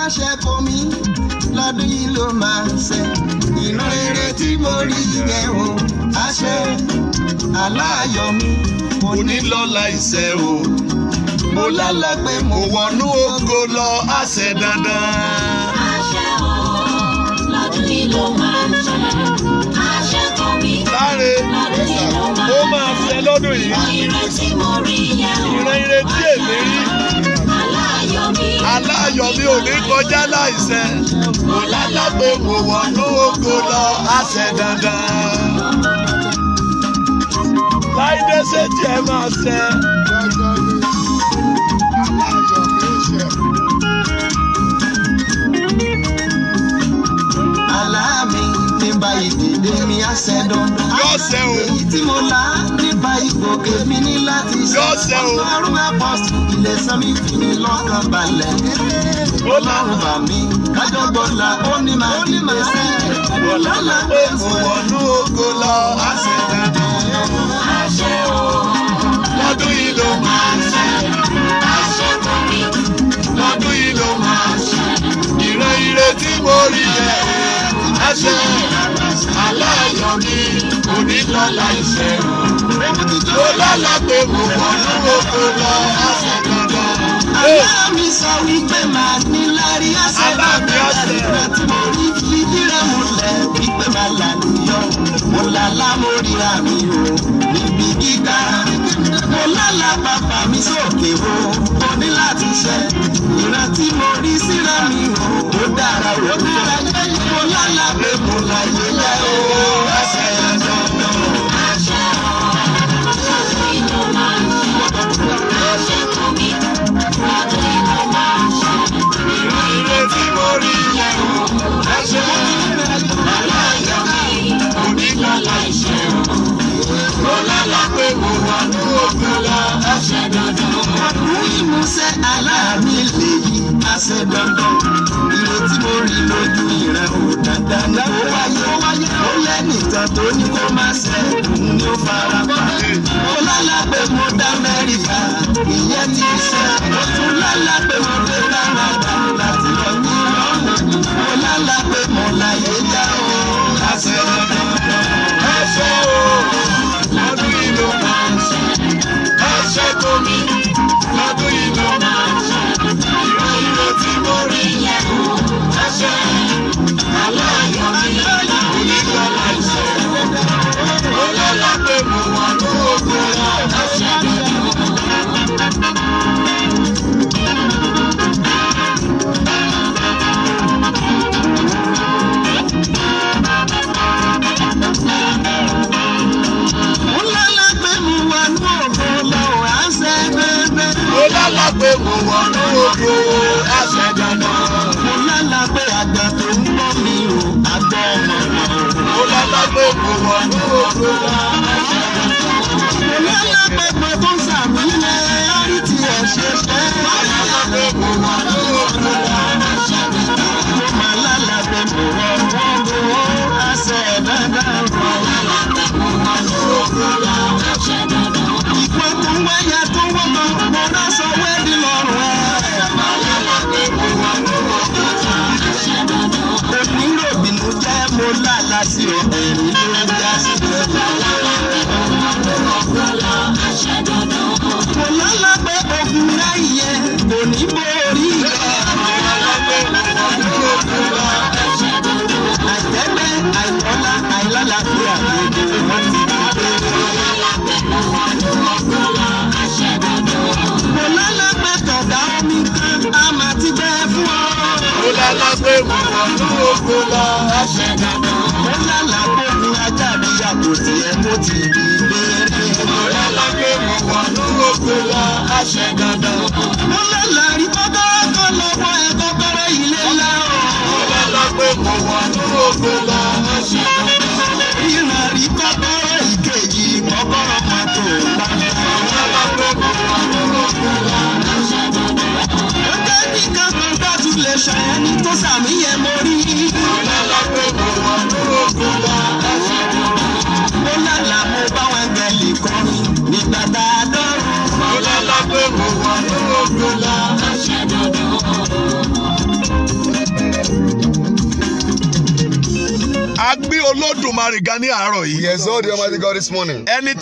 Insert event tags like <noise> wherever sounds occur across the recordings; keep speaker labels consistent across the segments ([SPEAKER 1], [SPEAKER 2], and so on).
[SPEAKER 1] aṣẹ́kọ̀ mi lọ́dún yìí ló máa ṣe ìran rere tí mo rí yẹn o aṣẹ aláyọ̀ mi
[SPEAKER 2] kò ní lọ láìṣẹ o mo lálẹ́ pé mo wọnú ògo lọ àṣẹ dandan. aṣẹ o lọ́dún yìí ló máa ṣe aṣẹ́kọ̀ mi lọ́dún yìí ló máa ṣe ó máa ṣe lọ́dún yìí ìran ire tí èmi rí ayọ̀ mi ò ní kọjá láìṣẹ. Mo lálágbé mo wọnú oko lọ àṣẹ dandan. Láìdé ṣe
[SPEAKER 1] tiẹ̀ máa ṣẹ. bá ìdílé mi àṣẹdọ. yóò ṣe o. èyí tí mo là nípa ìgbòkè mi ní láti ṣe. yóò ṣe o. ọlọ́run àpọ̀sù ilé sanmi fi mi lọ́kàn balẹ̀. ọlọ́run bà mí kájọgbọ́n la ó ní máa ní máa ṣe. bọ̀lá la gbé mo wọnú ògo lọ àṣẹdá. àṣẹ o. lọ́dún yìí ló máa ṣe. àṣẹ tó mi. lọ́dún yìí ló máa ṣe. ire ire tí mo rí yẹn lásẹ̀ aláyọ̀ ni onílọ́lá ìṣẹ́ ló lọ́la pé mo wọnú oko lọ ọ̀sẹ̀ dandan. àbá mi sọ wípé màá ní lárí ọ̀sẹ̀ dandan ìgbà tí mo rí fídírà múlẹ̀ wípé màá là níyọ̀ mo là lámórìíra mi o níbi gíga alálàpàpà mi sókè o mo ní láti ṣe ìran tí mo rí síra mi o ó dára ó dára jẹ́ mo lálàpẹ̀ mo láyé yá o àṣẹ àjọyọ̀ o. àṣẹ ọ̀ ṣáṣe ìlú máa ń ṣe àṣẹ tó mi ṣáṣe ìlú máa ń ṣe ìran kala àṣẹ dandan. Ìmúṣẹ aláàmì lèyí àṣẹ dandan. Ìrètí mo rí lójú ìran ò dandan ni ó wáyé. Ó lẹ́nìkan tó ní kó má ṣe òun ni ó fara pa. Ó lálá pé mo dá Amẹ́ríkà, ìyẹn ti ṣe. Ó tún lálá pé mo dé.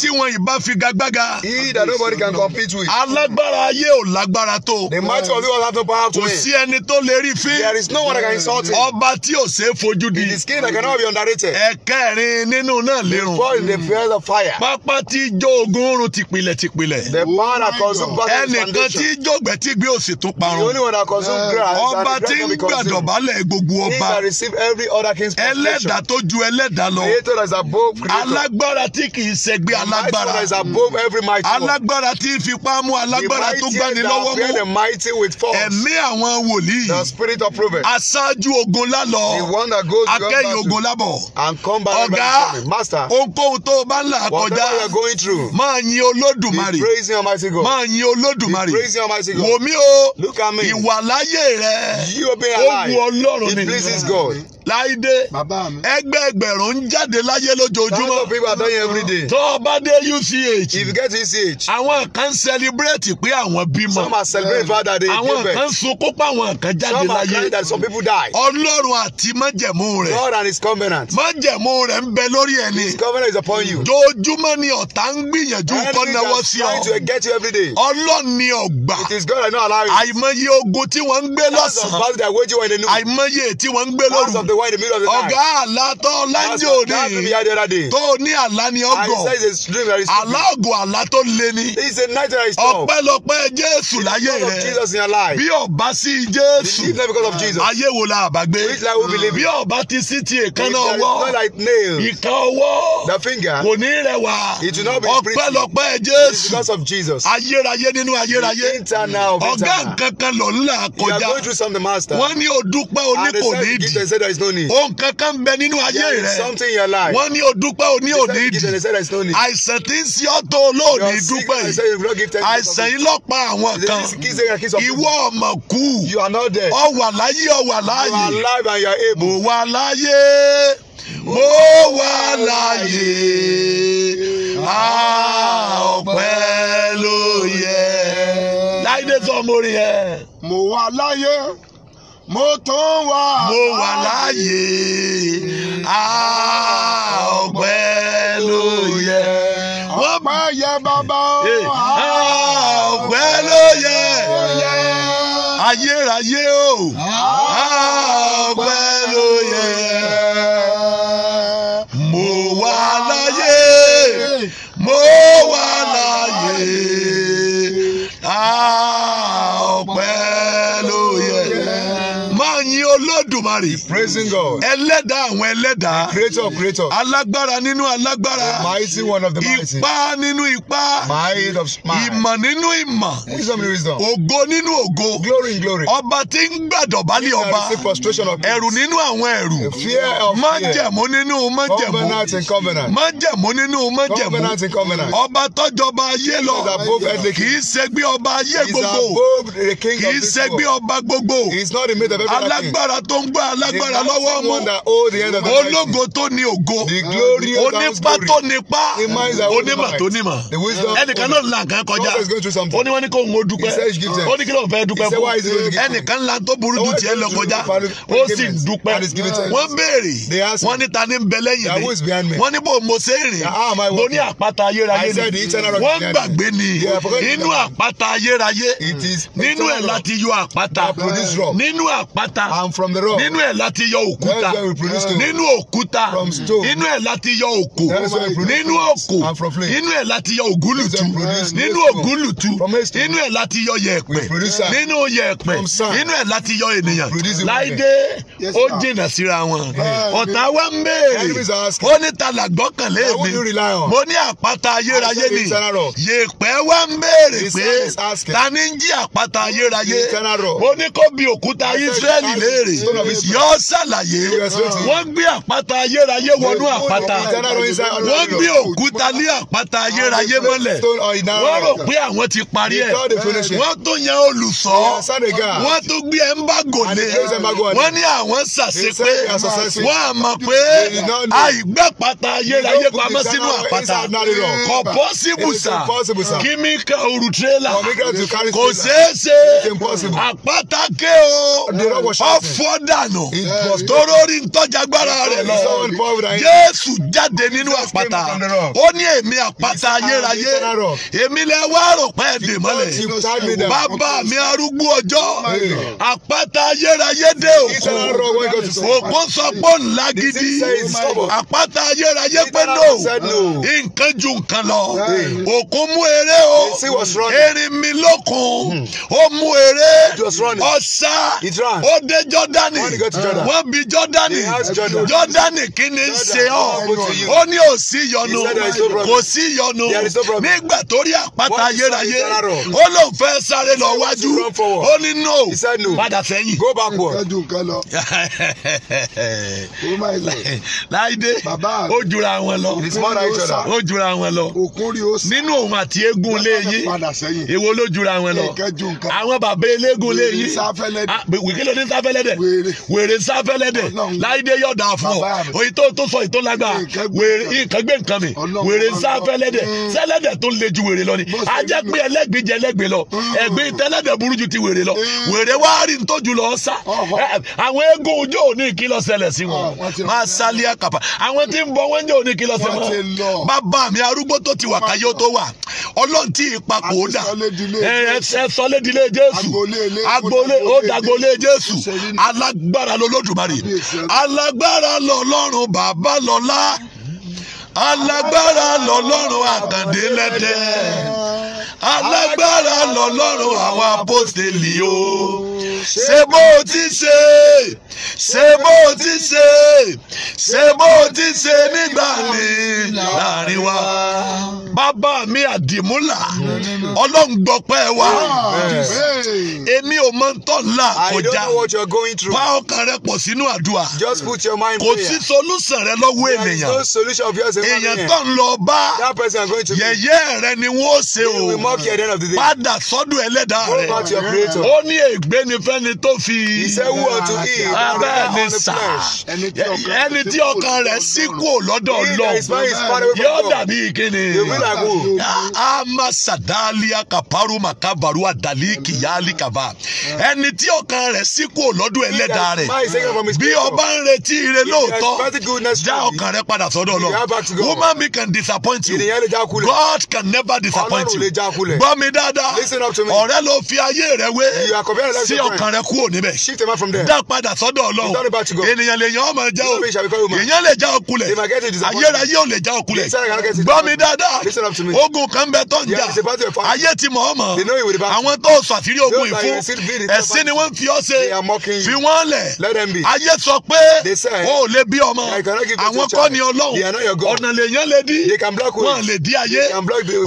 [SPEAKER 2] you wọ́n yìí bá figagbága. he that nobody can compete with. alágbára ayé ò lágbára tó. the match of the world has no power to win. kò sí ẹni tó lè rí fín. there is no one that can insult him. ọba tí ò ṣeé fojú di. the skin that cannot be underrated. ẹ̀kẹrin nínú náà lérun. before the fear of fire. pápá tí jó ogun oorun tìpìlẹ̀ tìpìlẹ̀. the power that consume battle foundation. ẹnìkan tí jógbẹ́ tí gbé òsì tún parun. the only one that consume eh, grass. ọba tí ń gbàdọ̀bálẹ̀ gbogbo ọba. he that receive every other king's protection. ẹlẹ́dàá tó ju ẹlẹ́dàá lọ. creator is above creator. alágbára tí kì í ṣẹgbẹ́ alágbára that is above every mighty one. alágbára tí fipá mú alágbára tó gbani lọ́wọ́ mú. mighty with force. ẹ̀mí àwọn wòlíì. the spirit of prophet. aṣáájú ogun lálọ. the one that goes beyond battle. akẹ́yìn ogun lábọ̀. and come back master. ohunkóhun tó o bá ń là kọjá. you going through. máa yin olódùmarè. be praising almighty God. máa yin olódùmarè. be praising almighty God. wò mí o. look at me. ìwàláyé rẹ. you obey allah. ó wu ọlọ́run mi. it pleases God láìdé ẹgbẹẹgbẹ̀rún ń jáde láyé lójoojúmọ́ tó o bá dé youth ECH. if you get ECH. àwọn kan celebrate pé àwọn bímọ. some are celebrating father day give birth. àwọn kan sunkún pé àwọn kan jáde láyé. some are crying that some people die. ọlọ́run àti májẹ̀mú rẹ̀. God and his covenant. májẹ̀mú rẹ̀ ń bẹ lórí ẹni. his covenant is upon you. dojúmọ́ ni ọ̀tá ń gbìyànjú kọ́ náwó sí ọ. trying to get you every day. ọlọ́run ni ọgbà. it is God that no allow it. àìmọye ogun tí wọ́n ń gbé lọ́sàn-án. that's the battle that wage you in the noon. àìmọye tí wọ́n ń gbé lóru. that's of the way the middle of the night. ọ̀gá àlá tó láńjẹ́ òde. that's the battle the other day. tó ní àlá ni ọgọ. I said it's a dream that is aláàgọ́ àlá tó le ni. he a night that is tough. jésù láyé rẹ. Jesus in your life. bí ọba sí jésù. believe not because of Jesus. ayé wo la àbágbé. we believe. bí ọba ti sí ti èkánná ọwọ́. it's not like nails. ìkan ọwọ́. the finger. kò ní rẹwà. it will not jésù. because of Jesus. ayérayé nínú ayérayé. the internal of internal. ọgá nǹkan kan lọ ńlá kọjá. you going through something master. wọ́n ní o dúpẹ́ o ní kò ní ìdí. and they said you give them say there is no need. ohun bẹ nínú ayé rẹ. there something in your life. wọ́n ní o dúpẹ́ o ní òní ìdí. they àìsàn tí ń sí ọ̀tọ̀ olóòní dúpẹ́ àìsàn yìí àwọn kan ìwọ ọmọ kú ọ láyé ọ wà mo wà láyé mo wà láyé ọpẹ́ ló yẹ. láìdé tó ọmọ orin yẹn. mo wà láyé mo tún wà. mo wà láyé ọpẹ́ ló yẹ ọpẹ́ yẹ bàbá o. ọpẹ́ ah, ló yẹ ayérayé o. Ah, ọpẹ́. Almighty. The praising God. Ẹlẹ́dàá àwọn ẹlẹ́dàá. Creator of creators. Alágbára nínú alágbára. The mighty one of the mighty. Ipá nínú ipá. Might of might. Ìmọ̀ nínú ìmọ̀. Wisdom in wisdom. Ògo nínú ògo. Glory in glory. Ọba tí ń gbàdọ̀bálẹ̀ ọba. He frustration of peace. Ẹ̀rù nínú àwọn ẹ̀rù. The fear of fear. Májẹ̀mú nínú májẹ̀mú. Covenant in covenant. Májẹ̀mú nínú májẹ̀mú. Covenant in covenant. Ọba tọ́jọba ayé lọ. He is above earthly king. Kì í ṣe gbé ọba ayé gbogbo. He is above the king of this world. Kì í ṣe gbé ọba gbogbo. He is not the mate of every king. Alágbára tó ń gbà alágbára lọ́wọ́ mú oh, ológo tó ní ògo onípa tó nípa onímọ̀ tó nímọ̀ ẹnìkan náà la nǹkan kọjá ó ní kó ń dúpẹ́ ó ní kí ló ń fẹ́ dúpẹ́ fún ẹnìkan la tó burú ju tiẹ̀ lọ kọjá ó sì ń dúpẹ́ wọ́n béèrè wọ́n ní ta ní bẹ lẹ́yìn mi wọ́n ní bò mo ṣe rìn mo ní àpáta ayérayé ni wọ́n gbàgbé ni inú àpáta ayérayé nínú ẹ̀ láti yọ àpáta nínú àpáta nínú nínú ẹ̀ láti yọ òkúta nínú òkúta inú ẹ̀ láti yọ òkò nínú òkò inú ẹ̀ láti yọ ògúlùtù nínú ògúlùtù inú ẹ̀ láti yọ yẹ̀pẹ̀ nínú yẹ̀pẹ̀ inú ẹ̀ láti yọ ènìyàn láìdé ó jìnnà síra wọn ọ̀tá wa ń béèrè ó ní ta làgbọ́kànlé mi mo ní àpáta ayérayé ni yẹ̀pẹ̀ wa ń béèrè pé ta ni ń jí àpáta ayérayé mo ní kó bi òkúta Ísírẹ́lì léèrè yọ ṣàlàyé wọ́n gbé àpáta ayérayé wọnú àpáta wọ́n gbé òkúta ní àpáta ayérayé mọ́lẹ̀ oh, wọ́n rò pé àwọn ti parí ẹ̀ wọ́n tó yan olùṣọ́ wọ́n tó gbé ẹ̀ńbàgò lé wọ́n ní àwọn ṣàṣe pé wọ́n á mọ̀ pé àìgbé àpáta ayérayé pamọ́ sínú àpáta kò pọ́sibù sà kí mi ka òrù tírélà kò ṣeé ṣe àpáta ké o ọ̀fọ́dà dànù torórí ntọ́jàgbára rẹ̀ lọ Jésù jáde nínú àpáta ó ní èmi àpáta ayérayé èmi lẹ wá rò pé ẹ dè mọ́lẹ̀ bàbá mi arúgbó ọjọ́ oh àpáta ayérayé dé òkú òkú sọ pé ńlá gidi oh àpáta ayérayé pé no nǹkan ju nǹkan lọ òkú mú eré o erin mi lókun hmm. ó mú eré ọ̀sá ó dé Jọ́dánì. Jordan got to Jordan. Wọ́n bi Jọ́dánì. Jọ́dánì kí ni ṣe ọ́? Ó ní ò sí yọnu. Kò sí yọnu. Nígbà tó rí àpáta ayérayé, ó lóun fẹ́ sáré lọ wájú. Ó ní no. Padà sẹ́yìn. Go backward. Láìdé, ó jura wọn lọ. Ó jura wọn lọ. Nínú òun àti eégún léyìn, èwo ló jura wọn lọ. Àwọn bàbá eléégún léyìn. Wìkí ah, ló ní sáfẹ́lẹ́ dẹ̀ wèrè sáfẹ́lẹ́dẹ̀ láìdé yọ̀dà fún ọ òyìn tó tó sọ ìtò lágbà wèrè nǹkan gbé nǹkan mi wèrè sáfẹ́lẹ́dẹ̀ sẹ́lẹ́dẹ̀ tó le ju wèrè lọ ni ajẹ́ pé ẹlẹ́gbẹ́ jẹ ẹlẹ́gbẹ́ lọ ẹ̀gbẹ́ tẹ́lẹ́dẹ̀ burú ju ti wèrè lọ wèrè wá rí ntójú lọ sá àwọn eégún ojú òní kí lọ ṣẹlẹ̀ sí wọn ah, máa sálíà kàpà àwọn tí ń bọ wọn jẹ́ òní kí lọ ṣẹlẹ̀ sí wọn bàbá mi arúgbó tó ti wà káyọ́ tó wà ọlọ́run tí ipa kò dà ẹ sọlédìlé jésù agbolé ó dàgbolé jésù alágb alágbára lọ́lọ́dùmarè alágbára lọ́lọ́run bàbá lọ́lá alágbára lọ́lọ́run àkàndé lẹ́tẹ̀ẹ́ alágbára lọ́lọ́run àwọn apọ́sítélì o ṣé bó o ti ṣe ṣé bó o ti ṣe ṣé bó o ti ṣe nígbà ní láàrin wa bàbá mi àdìmúlà ọlọ́run gbọ́pẹ́ wa èmi ò mọ tọ́ là kọjá bá ọkàn rẹ pọ̀ sínú àdúrà kò sí solúsàn rẹ lọ́wọ́ ènìyàn èèyàn tó ń lọ bá yẹ̀yẹ́ rẹ ni wọ́n ṣe o will mock you at the end of the day. padà sọ́dọ̀ ẹlẹ́dàá rẹ̀. go back to your creator. ó ní ègbé ni fẹ́ni tó fi. he said who unto him. abẹ́ mi sà ẹni tí ọkàn rẹ̀ sí kú lọ́dọ̀ lọ yóò dàbí kíni. Ah, amasadali akaparu makabaru adali kiyali kaba ẹni tí ọkàn rẹ̀ sí kú lọ́dọ̀ ẹlẹ́dàá rẹ̀ bí ọba ń retí ire lóòótọ́ dá ọkàn rẹ̀ padà sọ́dọ̀ lọ woman mi can disappoint you God can never disappoint you carefully. gbọ́ mi dáadáa. listen up to me. ọ̀rẹ́ ló fi ayé rẹ wé. you are comparing life sí ọkàn rẹ kúrò níbẹ̀. shift them out from there. dá padà sọ́dọ̀ Ọlọ́run. return back to God. ènìyàn lè yan ọmọ já o. ènìyàn lè já ọkulẹ̀. they might get lè já ọkulẹ̀. ayé know you will be back. sọ pé. o lè bí ọmọ. àwọn kọ́ ni Ọlọ́run. ọ̀nà lè yan lè dí. wọ́n lè dí ayé.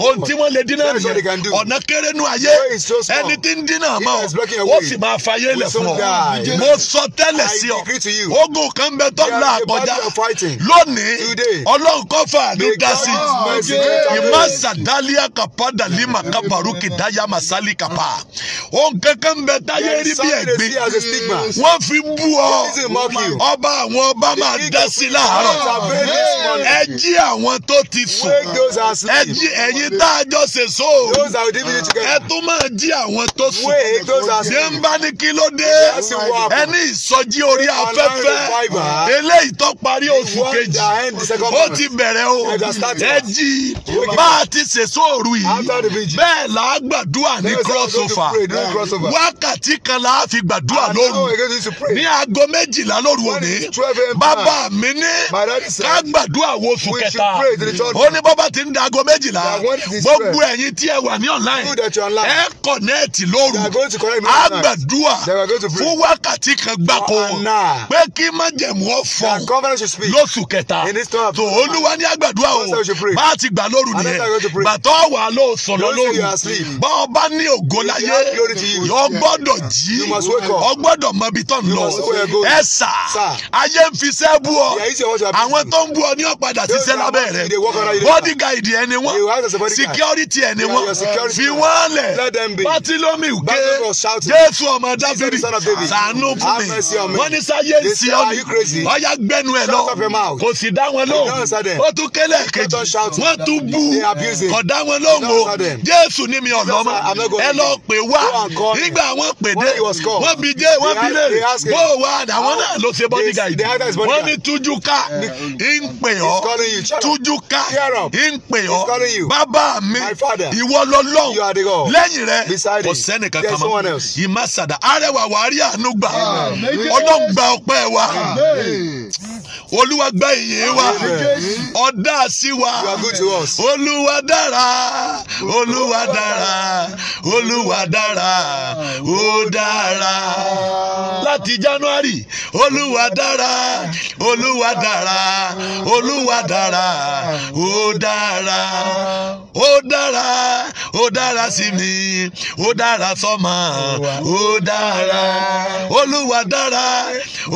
[SPEAKER 2] ohun tí wọ́n lè dí náà ni ọ̀nà kéré nu ayé ẹni tí ń dínà mọ́ ó sì máa fa ayé lẹ̀ fún ọ mo sọ tẹ́lẹ̀ sí ọ ogun kan bẹ tó ń la lónìí ọlọ́run kọ́ fà ní dasi ìmásà dálíà kàpá dàlímà kàbàrú kìdáyà màsálì kàpá ohun kankan bẹ táyé rí bí ẹ̀gbin wọ́n fi bú ọ ọba àwọn ọba máa dasi láàárọ̀ ẹ jí àwọn tó ti sùn ẹ jí ẹ̀yin tá a jọ ṣe sóò those are DVD together. ẹ tún máa jí àwọn tó sùn. wait those are. ṣé ń bá ní kí ló dé. ẹni ìsọjí orí afẹ́fẹ́. eléyìí tó parí oṣù kejì. ó ti bẹ̀rẹ̀ o. ẹ jí bá a ti ṣèṣọ́ òru yìí. bẹ́ẹ̀ là á gbàdúrà ní crossover. wákàtí kan là á fi gbàdúrà lóru. ní aago méjìlá lóru òní. bàbá mi ní ká gbàdúrà wo oṣù kẹta. ó ní bàbá ti ń da aago méjìlá. gbogbo ẹ̀yin tí tí ẹ wà ní online ẹ kọ̀nẹ́ẹ̀tì lóru àgbàdua fún wákàtí kan gbáko pé kí májẹ̀mú ọ fọ lóṣù kẹta tó olúwa ní àgbàdua o bá a ti gbà lóru nìyẹn bàtọ́ wà ló sọ̀rọ̀ lóru bá ọ bá ní ògo láyé yọ jí ọ mọ ibi tó ń lọ ẹ sà ayé ń fi iṣẹ́ bú ọ àwọn tó ń bú ọ ní ọ̀padà ṣiṣẹ́ lábẹ́ rẹ bọ́dí ẹni wọn security ẹni wọn fi wọ́n lẹ̀ bátílómì ké jésù ọmọ dáfídì ṣàánú fún mi wọ́n ní sáyé ń sí ọ ni ọ̀yá gbẹ́nu ẹ̀ lọ kò sì dá wọn lóhùn ó tún kélé kejì wọ́n tún bú kò dá wọn lóhùn o jésù ní mi ọ̀nà ọmọ ẹ lọ pè wá nígbà wọn pè dé wọ́n bi dé wọ́n bi lè bó wà àwọn náà ló ṣe bodyguard wọ́n ní tújú ká ń pè ọ́ tújú ká ń pè ọ́ bàbá mi ìwọ ìwọ lọ́lọ́run lẹ́yìn rẹ kò sẹ́nìkan kan mọ́ ìmásàdà arẹwà wàárí àánú gbà ọlọ́run gba ọpẹ́ wa olúwa gba ìyìn wa ọ̀dà sí wa olúwa dára olúwa dára olúwa dára ó dára láti january olúwa dára olúwa dára olúwa dára ó dára ó dára ó dára sí mi ó dára sọ́mọ ó dára olúwa dára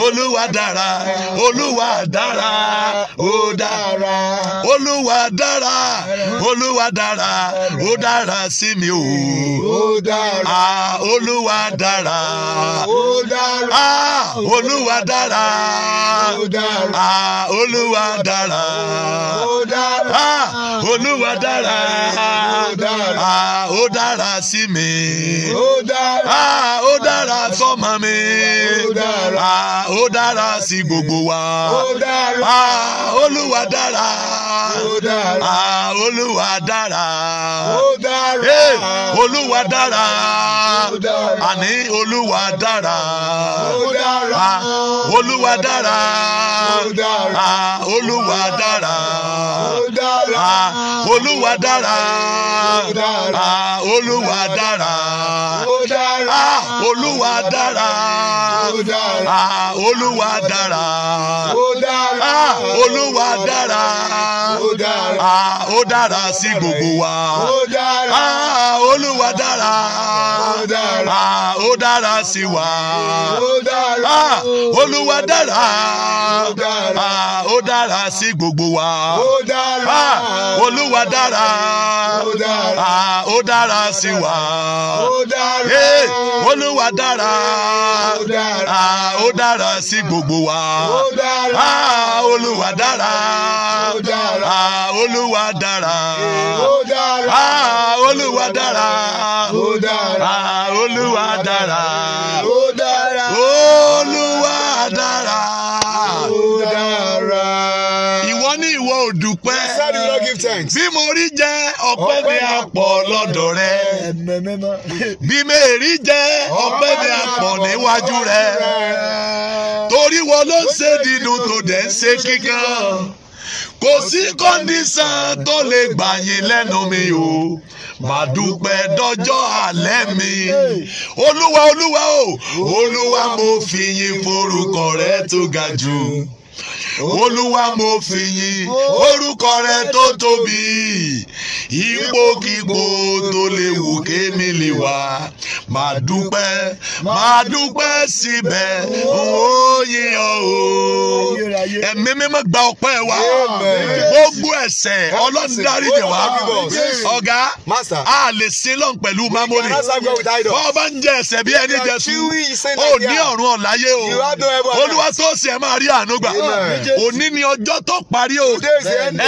[SPEAKER 2] olúwa dára olúwa dára ó dára olúwa dára olúwa dára ó dára sí mi ó dára olúwa dára olúwa dára olúwa dára olúwa dára ah, ó dára sí mi ó dára fọ́mọ. Ah, mi ó dára sí gbogbo wa olúwa dára olúwa dára olúwa dára àní olúwa dára olúwa dára olúwa dára olúwa dára olúwa dára olúwa dára ah, olúwa dára ah, olúwa dára ah, ó dára sí gbogbo wa olúwa dára ó dára sí wa olúwa dára dára sí gbogbo wa. ó dára. Ah, olúwa dára. ó dára. Ah, ó dára sí wa. ó dára. Eh, olúwa dára. ó dára. Ah, ó dára sí gbogbo wa. ó dára. olúwa dára. ó dára. olúwa dára. ó dára. olúwa dára. ó dára. olúwa dára. dúpẹ́. My side will not give thanks. Bí mo rí jẹ ọpẹ́ mi àpọ̀ lọ́dọ̀ rẹ. Bí mèrí jẹ ọpẹ́ mi àpọ̀ níwájú rẹ. Torí wọn ló ṣe dídùn tó dẹ̀ ń ṣe kíkan kò sí kọ́ndíṣàn tó lè gbà yín lẹ́nu mi o màá dọ́jọ́ alẹ́ mi olúwa olúwa o olúwa mo fi yín forúkọ rẹ tó ga jù olúwa mo fìyìn orúkọ rẹ tó tóbi ipòkípò tó lè wù kémi lè wà máa dúpẹ́ máa dúpẹ́ síbẹ̀ ó yìn ọ́ o ẹ̀mí mímọ́ gba ọpẹ́ wa gbogbo ẹ̀ṣẹ̀ ọlọ́run dáríjì wa ọ̀gá a lè sin lọ́n pẹ̀lú mamoni bọ́ ọba ń jẹ ẹ̀ṣẹ̀ bí ẹni jẹ̀sù ó ní ọ̀run ọ̀láyé o olúwa tó sì ẹ̀ máa rí àánú gbà òní ni ọjọ́ tó parí o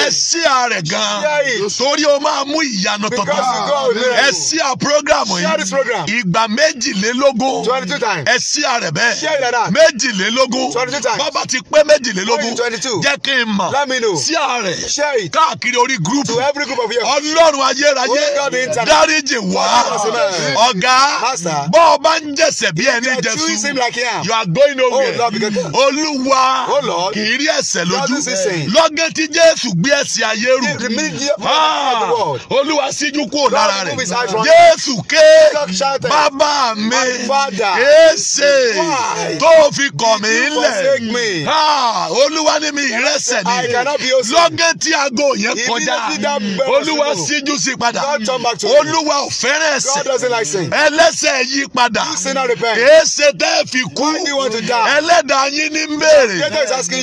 [SPEAKER 2] ẹ sí ààrẹ gan torí o máa mú ìyanu tuntun ẹ sí à program yìí ìgbà méjìlélógún ẹsí àrẹ bẹ́ẹ̀ méjìlélógún bàbá ti pé méjìlélógún jẹ́ kí n mọ̀ sí àrẹ káàkiri orí gúrúùpù ọlọ́run ayérayé dáríjì wá ọ̀gá bọ́ ọ bá ń jẹ̀sẹ̀ bí ẹni jẹ̀sù you are going oh, olúwa oh, kì í rí ẹ̀ṣẹ̀ lójú lọ́gẹ́ tí jésù gbé ẹ̀ṣẹ̀ ayé rù ah, olúwa síjú kúrò lára rẹ̀ jésù ké máa bàbá mi èsè tó fi kọ̀ mí lẹ̀ olúwa ní mi ìrẹsẹ̀ ni lọ́gẹ́ tí aago yẹn kọjá olúwa síjú sí padà olúwa ò fẹ́rẹ̀ ẹ̀ṣẹ̀ ẹlẹ́ṣẹ̀ yí padà èsè tẹ́ fi kú ẹlẹ́dàá yín ní mbèrè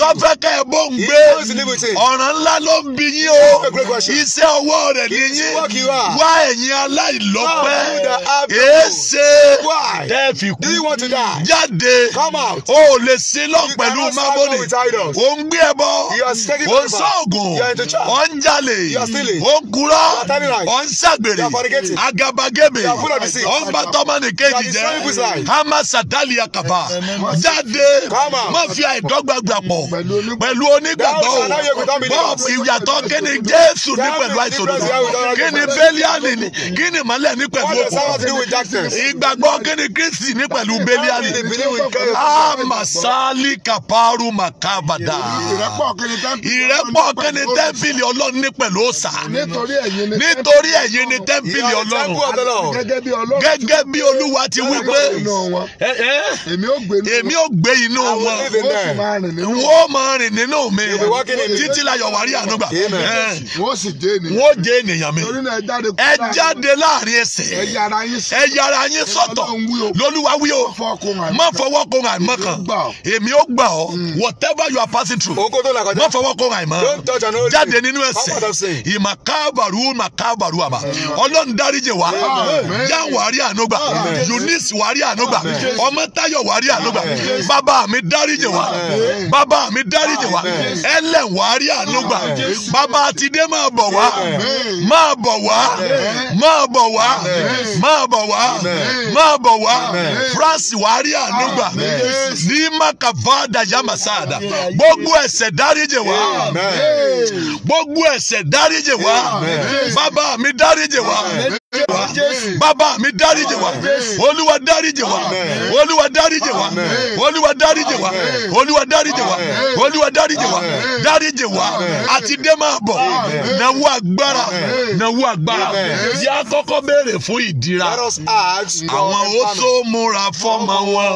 [SPEAKER 2] tọ́fẹ́ kẹ́ ẹ bó ń gbé ọ̀ràn ńlá ló ń bi yín o iṣẹ́ ọwọ́ rẹ̀ ni yín wá ẹ̀yin aláìlọ́pẹ́ èsè ṣe tẹ́ fi kú jáde o lè ṣe lọ pẹ̀lú mábọ́nì o ń gbé ẹbọ o ń sọ́ọ̀gùn o ń jalè o ń kúrọ́ o ń ṣàgbèrè agabagebe o ń bá tọ́mọ́nìkejì jẹ́ hama sadali akaba jáde má fi àìdọ́gba gbà pọ̀ pẹ̀lú onígbàgbọ́ o bọ́ọ̀bù ìyàtọ̀ kí ni Jésù ní pẹ̀lú àìsàn òdodo kí ni bẹ́líà ní kí ni màlẹ́ ní pẹ̀lú òkú ìgbàgbọ́ kíni kristi ní pẹ̀lú bẹ́líàlì amasali ah, kaparu makabada ìrẹ́pọ̀ kíni tẹ́ḿpìlì ọlọ́run ní pẹ̀lú ọ̀sà nítorí ẹ̀yin ni tẹ́ḿpìlì ọlọ́run gẹ́gẹ́ bí olúwa ti wí pé èmi ò gbé inú wọn wọ́n máa rìn nínú mi títí láyọ̀ wárí ànúgbà wọ́n jẹ́ ènìyàn mi ẹ jáde láàrin ẹsẹ̀ ẹ yára yà yín sọ́tọ̀ lólúwa wí o má fọwọ́ kó ra ìmọ̀ kan èmi ó gbà ọ́ mm. whatever you are passing through má fọwọ́ kó ra ìmọ̀ jáde nínú ẹ̀ṣẹ̀ ìmàkàbàrú màkàbàrú àbá ọlọ́run dáríjì wá yá wàárí ànúgbà eunice wàárí ànúgbà ọmọ táyọ̀ wàárí ànúgbà bàbá mi dáríjì wá bàbá mi dáríjì wá ẹlẹ̀ wàárí ànúgbà bàbá àtidé máa bọ̀ wá máa bọ̀ wá máa bọ̀ wá máa bọ̀ wá máa bọ̀ wá france wà á rí àánú gbà ní makavada yamasada gbogbo ẹ̀ṣẹ̀ dáríjì wá gbogbo ẹ̀ṣẹ̀ dáríjì wá bàbá mi dáríjì wá wa bàbá mi dáríjì wa olúwa dáríjì wa olúwa dáríjì wa olúwa dáríjì wa olúwa dáríjì wa olúwa dáríjì wa dáríjì wa àti dé máa bọ̀ náwó agbára náwó agbára yá kọ́kọ́ béèrè fún ìdíra àwọn ó tó múra fọ́mọ wọn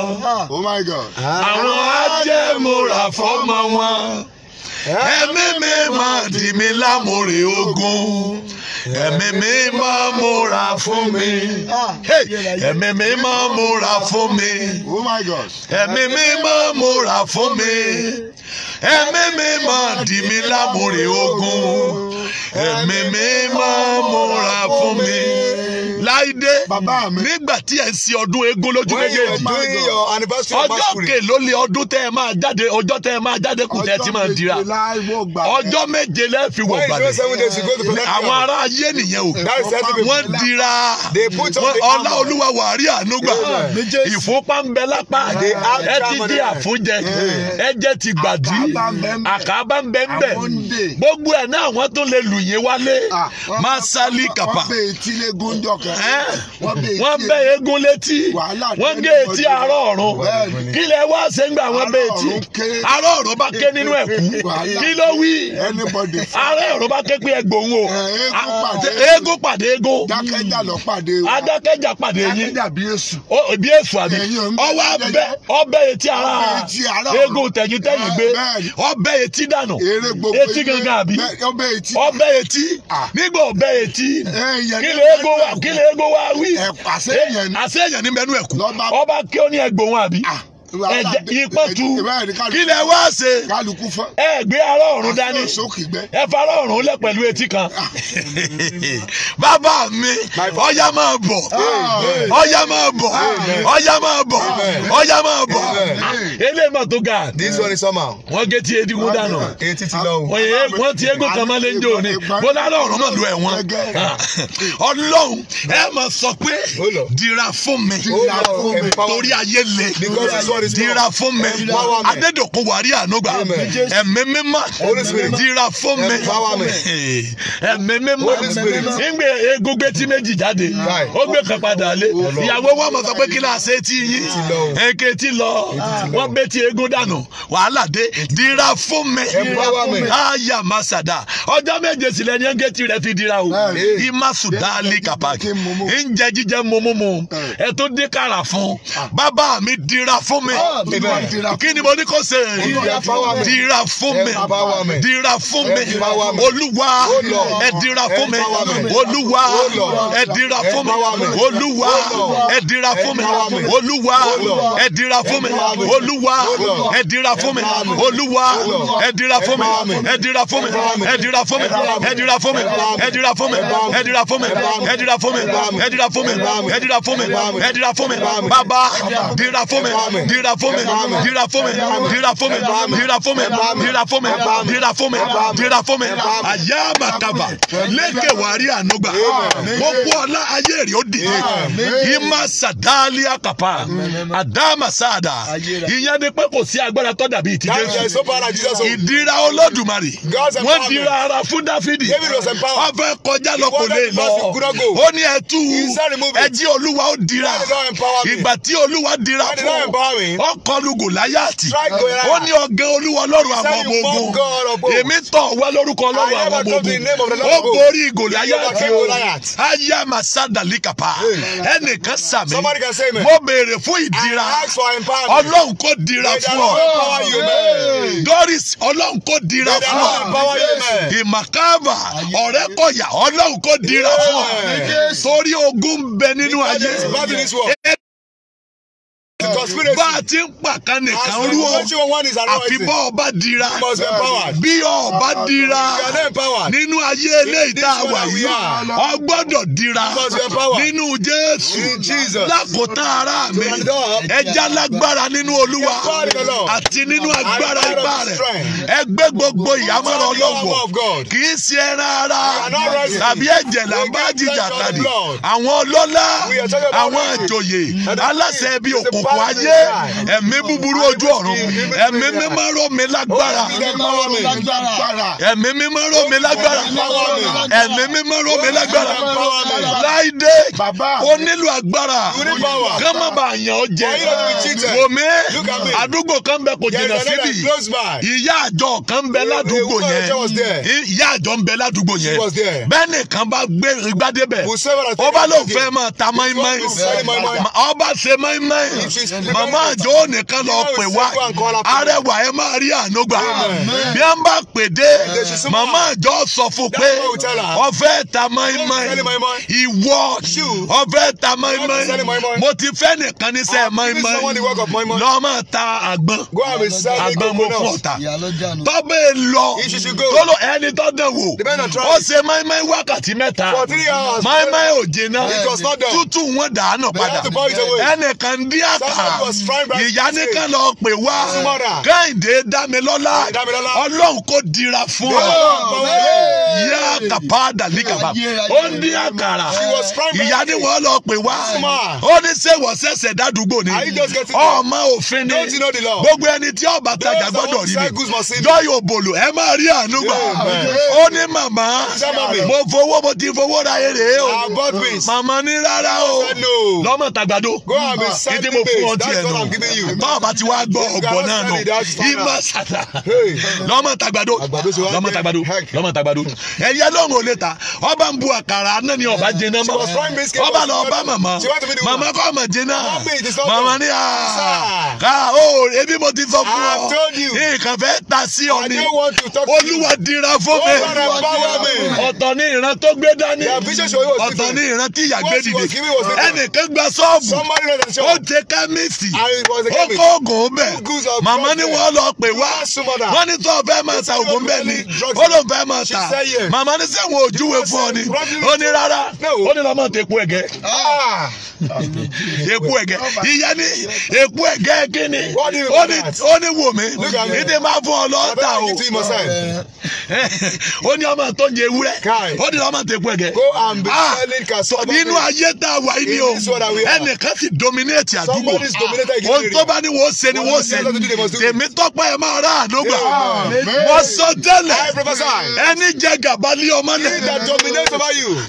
[SPEAKER 2] oh àwọn á jẹ́ múra fọ́mọ wọn ẹ̀mí mímọ́ dì mí lámòrè ogun ẹ̀mí mímọ́ múra fún mi ẹ̀mí mímọ́ múra fún mi ẹ̀mí mímọ́ múra fún mi ẹ̀mí mímọ́ dì mí lámòrè ogun ẹ̀mí mímọ́ múra fún mi láìdé nígbà tí ẹ ń sin ọdún eégún lójú méjèèjì ọjọ́ kèló lè ọdún tẹ́ ẹ máa jáde ọjọ́ tẹ́ ẹ máa jáde kù tẹ́ ẹ ti máa dira ọjọ́ méje lẹ́ẹ̀fi wọ̀ gbàdé àwọn ará ayé nìyẹn o wọ́n dira ọlá olúwa wàárí ànúgbà ìfúnpá ń bẹ lápá ẹ ti di àfúnjẹ ẹ̀jẹ̀ ti gbàdí àkàbà ń bẹ ń bẹ gbogbo ẹ̀ náà wọ́n tó lè lù yín wálé ah, máa sálí kàpà wọ́n bẹ́ eégún létí wọ́n gé etí arọ́ ọ̀run kí lẹ wá ṣe ń gbà wọ́n bẹ́ etí arọ́ ọ̀run bá ké nínú ẹ̀kú kí ló wí arọ́ ọ̀run bá ké pé ẹgbòun o ah, ah, eégún pàdé eégún adákẹ́jà pàdé yín bí èsù àbí ọwọ́ ọbẹ̀ etí ara eégún tẹ̀yìn tẹ̀yìn gbé ọbẹ̀ etí dànù etí gangan àbí ọbẹ̀ etí nígbà ọbẹ̀ etí kí lè eégún wà kí lè ego wa wí àṣẹ èèyàn ní bẹnu ẹ̀kú ọba kí ó ní ẹgbòhun àbí. Ah ìpọ́tù kí lẹ wá ṣe ẹ gbé ará ọ̀run dání ẹ fara ọ̀run lẹ pẹ̀lú etí kan. Ah.
[SPEAKER 3] <laughs>
[SPEAKER 2] bàbá mi ọ̀yá máa bọ̀ ọ̀yá máa bọ̀ ọ̀yá máa bọ̀ ọ̀yá máa bọ̀. eléyìí mà tó ga. this one is summer. gé ti edigun dànù. etí ti lọ kan máa lé ń jò ní bọ́lá ọ̀run mọ̀ lù ẹ̀ wọ́n. Ah. ọlọ́run ẹ máa sọ pé dira fún mi torí ayé le dira fún mi adédokun wàrí ànúgbà ẹ̀mí mímọ́ dira fún mi ẹ̀mí <laughs> mímọ́ ńgbé egungun etí méjì jáde ó gbé kan padà lé ìyàwó wọn mọ̀ sọ pé kí náà ṣe ti yín èké ti lọ wọ́n bẹ́ ti egun dànù wàhálà dé dira fún mi àyà masada ọjọ́ méje sílẹ̀ ní ẹ̀ńgẹ́ ti rẹ̀ fi dira o ìmásùdálì kàpàkì ń jẹ jíjẹ mọ́mọ́mọ́ ẹ̀ tó dé kàrà fún ah. bàbá mi dira fún mi mi kí ni mo ní kó ṣe dira fún mi dira fún mi olúwa ẹ dira fún mi olúwa ẹ dira fún mi olúwa ẹ dira fún mi olúwa ẹ dira fún mi olúwa ẹ dira fún mi olúwa ẹ dira fún mi ẹ dira fún mi ẹ dira fún mi ẹ dira fún mi ẹ dira fún mi ẹ dira fún mi ẹ dira fún mi ẹ dira fún mi ẹ dira fún mi ẹ dira fún mi bàbá dira fún mi dira fún mi dira fún mi dira fún mi dira fún mi dira fún mi dira fún mi dira fún mi àyà àmàkàbà lẹ́kẹ̀ wàrí ànúgbà mo kú ọlá ayé rí ó dì ìmà sàdáàlì akapa, àdàmà sáàdà ìyẹn ni pé kò sí agbára tó dàbí ti ìdíra olódùmarè wọ́n dira ara fún Dáfídì ọfẹ́ kọjá lọ kò lè lọ ó ní ẹtú ẹjí olúwa ó dira ìgbà tí olúwa dira fún ọkọlù gòláyàtì ó ní ọgán olúwa ọlọ́run àwọn ọmọ ogun èmi tọ̀ wá lórúkọ ọlọ́run àwọn ọmọ ogun ó borí gòláyàtì o aya masadalikapa ẹnìkan sàmì mo béèrè fún ìdíra ọlọ́run kò dira fún ọ doris ọlọ́run kò dira fún ọ ìmàkàbà ọ̀rẹ́ kọ̀yà ọlọ́run kò dira fún ọ torí ogun bẹ nínú ayé bá a ti ń pàkan nìkan rú o àfi ọba dira bí ọba dira nínú ayé eléyìí tá a wà yìí o dira nínú Jésù lákòótán ara mi ẹja lágbára nínú Olúwa àti nínú agbára ipá rẹ̀ ẹgbẹ́ gbogbo ìyàmọ́ra ọlọ́wọ́ kì í ṣe ẹran ara tàbí ẹ̀jẹ̀ là ń bá jìjà kadì àwọn ọlọ́lá àwọn àjòyè aláṣẹ ẹbí òkùnkùn òkùnkùn ayé ẹ̀mí búburú ojú ọ̀run ẹ̀mí mímọ́ rọ̀ mí lágbára ẹ̀mí mímọ́ rọ̀ mí lágbára ẹ̀mí mímọ́ rọ̀ mí lágbára láìdé ó nílò agbára kán má bàa yàn ọ́ jẹ wò àdúgbò kan bẹ kò jìnnà síbi ìyá àjọ kan bẹ eh, ládùúgbò yẹn ìyá àjọ ń bẹ ládùúgbò yẹn bẹ́ẹ̀ nìkan bá gbé gbádébẹ̀ ó bá lóun fẹ́ máa ta mọ́ínmọ́ín ọba ṣe mọ́ínmọ́ín Mama àjọ nìkan lọ pè wá arẹwà ẹ máa rí ànúgbà bí a bá pè dé màmá àjọ sọ fún pé ọfẹ ta mọ́ínmọ́ín ìwọ ọfẹ ta mọ́ínmọ́ín mo ti fẹ́ nìkan níṣẹ́ mọ́ínmọ́ín lọ́mọ ta àgbọn àgbọn mo fọ̀ ta tọ́bẹ̀ lọ tọ́lọ ẹni tó dẹ̀ wò ó ṣe mọ́ínmọ́ín wákàtí mẹ́ta mọ́ínmọ́ín ò jìnnà tútù wọn dànù padà ẹnìkan díà Ah, ìyá ní ká lọ pè wá kẹ́hìndé dámilọ́lá ọlọ́run kò dira fún ọ yá kàpá dàlí kàpá ó ní àkàrà ìyá ní wọ́n lọ pè wá ó ní ṣé wọ́n ṣẹ̀ṣẹ̀ dádúgbò ni ọmọ òfin ni gbogbo ẹni tí ọba tajà gbọ́dọ̀ rí ni lọ́yọ̀ òbòlò ẹ máa rí àánú gbà ó ní màmá mo fowó mo ti fowó ra eré o màmá ní rárá o lọ́mọ tàgbàdo ìdí ah, mo f fún ọtí ẹnu báwo bá ti wá gbọ́ ọ̀gbọ́n náà nù ìmọ̀ sàtà lọ́mọ tàgbàdo lọ́mọ tàgbàdo lọ́mọ tàgbàdo ẹ̀yà lọ́run ò lè ta ọba ń bu àkàrà náà ni ọba jẹ náà ọba lọ ọba màmá màmá kọ́ ọmọ jẹ náà màmá ní à ah, ká ó ebi mo ti sọ fún ọ nǹkan fẹ́ ta sí ọ ni olúwa dira fún mi ọ̀tọ̀ ni ìran tó gbé dání ọ̀tọ̀ ni ìran tí ìyá gbé dìde ẹnìkan gba sọ́ọ̀bù ó jẹ ká kẹ́míìsì ó kó oògùn màmá ni wọ́n lọ pè wá wọ́n ní tó fẹ́ máa ta oògùn bẹ́ẹ̀ ni ó ló fẹ́ máa ta màmá ni sẹ́wọ̀n òjúwe fún ọ ni ó ní rárá ó ní lọ́mọ tó epo ẹ̀gẹ́
[SPEAKER 3] ah.
[SPEAKER 2] <laughs> epo ẹ̀gẹ́ ìyá ni epo ẹ̀gẹ́ kíni ó ní wò mí ìdí máa fún ọ lọ́ọ́ta o <laughs> ó ní ọmọ tó ń jẹ ewúrẹ́ ó ní lọ́mọ tó epo ẹ̀gẹ́ ah, sọ nínú ayé tá a wà yìí ni o ẹnìkan ti dominate àdúgbò. Ah, ohun tó bá ní wọ́n ṣe ni wọ́n ṣe tèmi tọ́pẹ́ ẹ máa rà àdógbà wọ́n sọ tẹ́lẹ̀ ẹni jẹ gàba ní ọmọ náà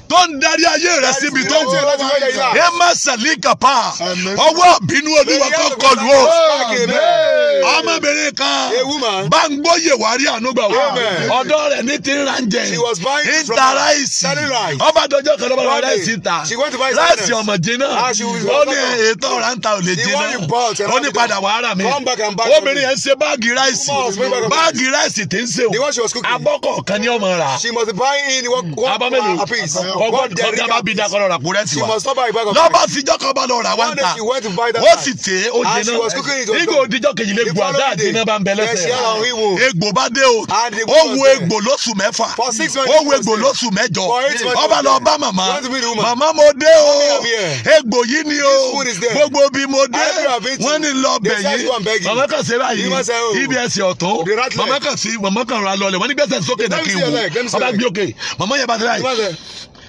[SPEAKER 2] tó ń darí ayé rẹ síbi tó wù ẹ má sàlí kàpá ọwọ́ bínú olúwa kọ́ kọlù o ọmọbìnrin kan bá ń gbóyè wárí ànúgbà wò ọ̀dọ́ rẹ̀ ní ti ń ránjẹ ń ta ráìsì ọba dọjọ́ kan lọ́ba ráìsì ta ráìsì ọmọ náà ah, ó ní ètò ọ̀rá ń ta jìnnà ó ní padà wà á rà mí obìnrin yẹn ń ṣe báàgì ráìsì báàgì ráìsì tí ń ṣe o abọ́kọ̀ kan ní ọmọ rà abamẹ́lẹ̀ ọgbọ́n gaba bí dakọ̀rọ̀ rà kó rẹ́sì wa lọ́ba fijọ́ kan bá lọ rà wá ta ó sì tè ó jìnnà nígbà òdìjọ́ kejì lè gbọ́ àdá àjẹnà bá ń bẹ lẹ́sẹ̀ egbò bá dé o ó wo egbò lóṣù mẹ́fà ó wo egbò lóṣù mẹ́jọ ọba lọ bá màmá màmá mo dé o egbò yìí ni o gbogbo bí mo dé wọ́n ní lọ bẹ̀ yín màmá kan ṣe báyìí ibi ẹsẹ̀ Mama màmá kan sí màmá kan ra lọlẹ̀ wọ́n ní gbẹ́sẹ̀ sókè nàkíwò ọba gbé òkè màmá yẹn bá ṣe báyìí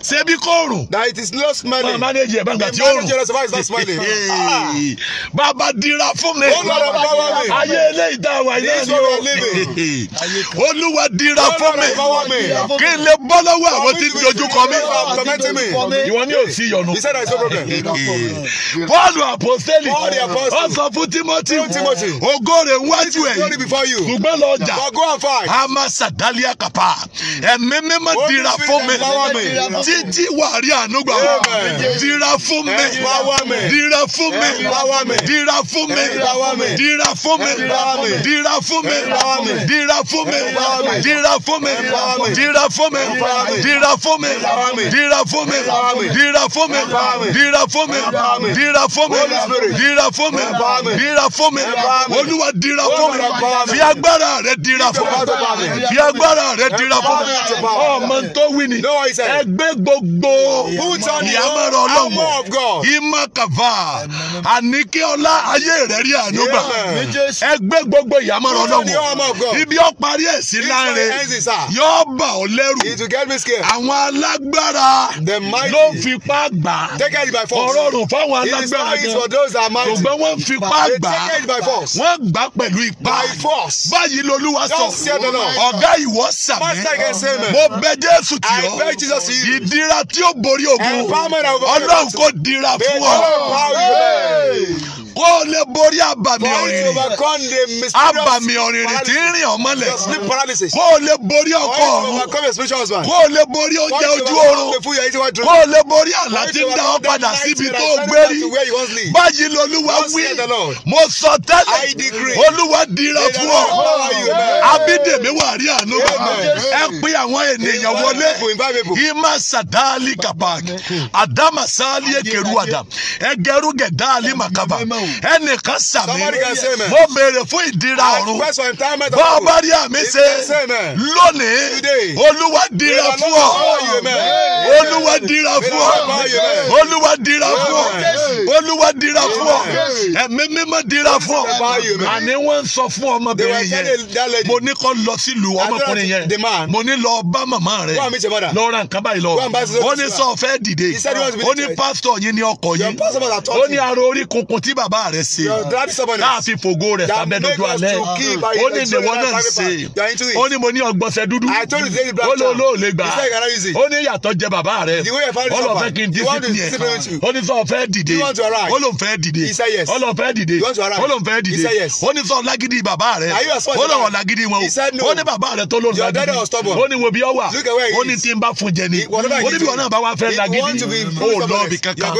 [SPEAKER 2] ṣebí kò rò. that it is lost money. máa manage ẹ̀ bàgbà tí ó rò. the manager of is money. smiling. bàbá dira fún mi. olùwà bá wà mí. ayé eléyìí dá wa iná ni o. olúwa dira fún mi. kí n lè bọ́ lọ́wọ́ àwọn tí ń dojú mi. ìwọ ni ò sí yọnu. he said there is no problem. paulu apostoli. paulu apostoli. ó sọ fún timothy. ogóre wájú ẹ̀ yìí. ṣùgbọ́n lọ jà. ọgọ́ àfà. a máa ṣàdálẹ́ àkàpà. ẹ̀mí dira fún mi títí wàrí àánú gbà wá dira fún mi dira fún mi dira fún mi dira fún mi dira fún mi dira fún mi dira fún mi dira fún mi dira fún mi dira fún mi dira fún mi dira fún mi dira fún mi dira fún mi dira fún mi olúwa dira fún mi fi agbára rẹ dira fún mi fi agbára rẹ dira fún mi ọmọ tó ẹgbẹ́ gbogbo ìyàmọ̀ rẹ ọlọ́wọ́ ìmọ̀ kàfà àní kí ọlá ayé rẹ̀ rí àánú gbà ẹ gbé gbogbo ìyàmọ̀ rẹ ọlọ́wọ́ ibi ó parí ẹ̀ sí láre yóò bà ọ́ lẹ́rù àwọn alágbára ló fi pa gbà ọ̀rọ̀ rò fáwọn alágbára gan ṣùgbọ́n wọ́n fi pa gbà wọ́n gbà pẹ̀lú ipá báyìí lolúwa sọ ọ̀gá ìwọ sàmẹ́ mo bẹ Jésù tì ọ́ ìdíra tí ó borí ogun ọlọ́run kò díra fún ọ kó lè borí àbàmì ọ̀rìnrìn àbàmì ọ̀rìnrìn tí ń rìn ọmọlẹ̀ kó lè borí ọkọ ọ̀run kó lè borí oúnjẹ ojú oorun kó lè borí àlá tí ń dá ọ padà síbi tó gbé rí báyìí lolúwa wí mo sọ tẹ́lẹ̀ olúwa dira fún ọ abídèmí wà rí àánú ẹ pé àwọn ènìyàn wọlé ìmọ̀ sàdáàlì kàbàkì àdàmàsáàlì èkèrú àdàm ẹgẹrú gẹ̀dáàlì màkàbà ẹnìkan sàmì mo béèrè fún ìdíra ọ̀run bá a bá rí àmì ṣe lónìí olúwa dira fún ọ olúwa dira fún ọ olúwa dira fún ọ olúwa dira fún ọ ẹ̀mí mímọ́ dira fún ọ àní wọ́n ń sọ fún ọmọbìnrin yẹn mo ní kó lọ sílùú ọmọkùnrin yẹn mo ní lọ bá màmá rẹ lọ ra nǹkan báyìí lọ ó ní sọ fẹ́ dìde ó ní pásítọ̀ yín ní ọkọ̀ yín ó ní aró orí kunkun tí bàbá bàbá rẹ ṣe láàfin fògo rẹ sábẹ́ dojú alẹ́ ó ní ìdèwọ́ náà ṣe ó ní mo ní ọgbọ́nsẹ̀ dúdú ó ló ló lè gbà ó ní ìyàtọ̀ jẹ bàbá rẹ ó lọ fẹ́ kí n disipline ẹ̀ ó ní sọ fẹ́ dìde ó ló fẹ́ dìde ó lọ fẹ́ dìde ó ló fẹ́ dìde ó ní sọ lágídí bàbá rẹ ó lọ lágídí wọn ó ní bàbá rẹ tó ló lágídí ó ní wo bí ọ wà ó ní tí n bá fún jẹ ni ó ní bí wọn náà bá wá fẹ́ lágídí ó lọ bì kankan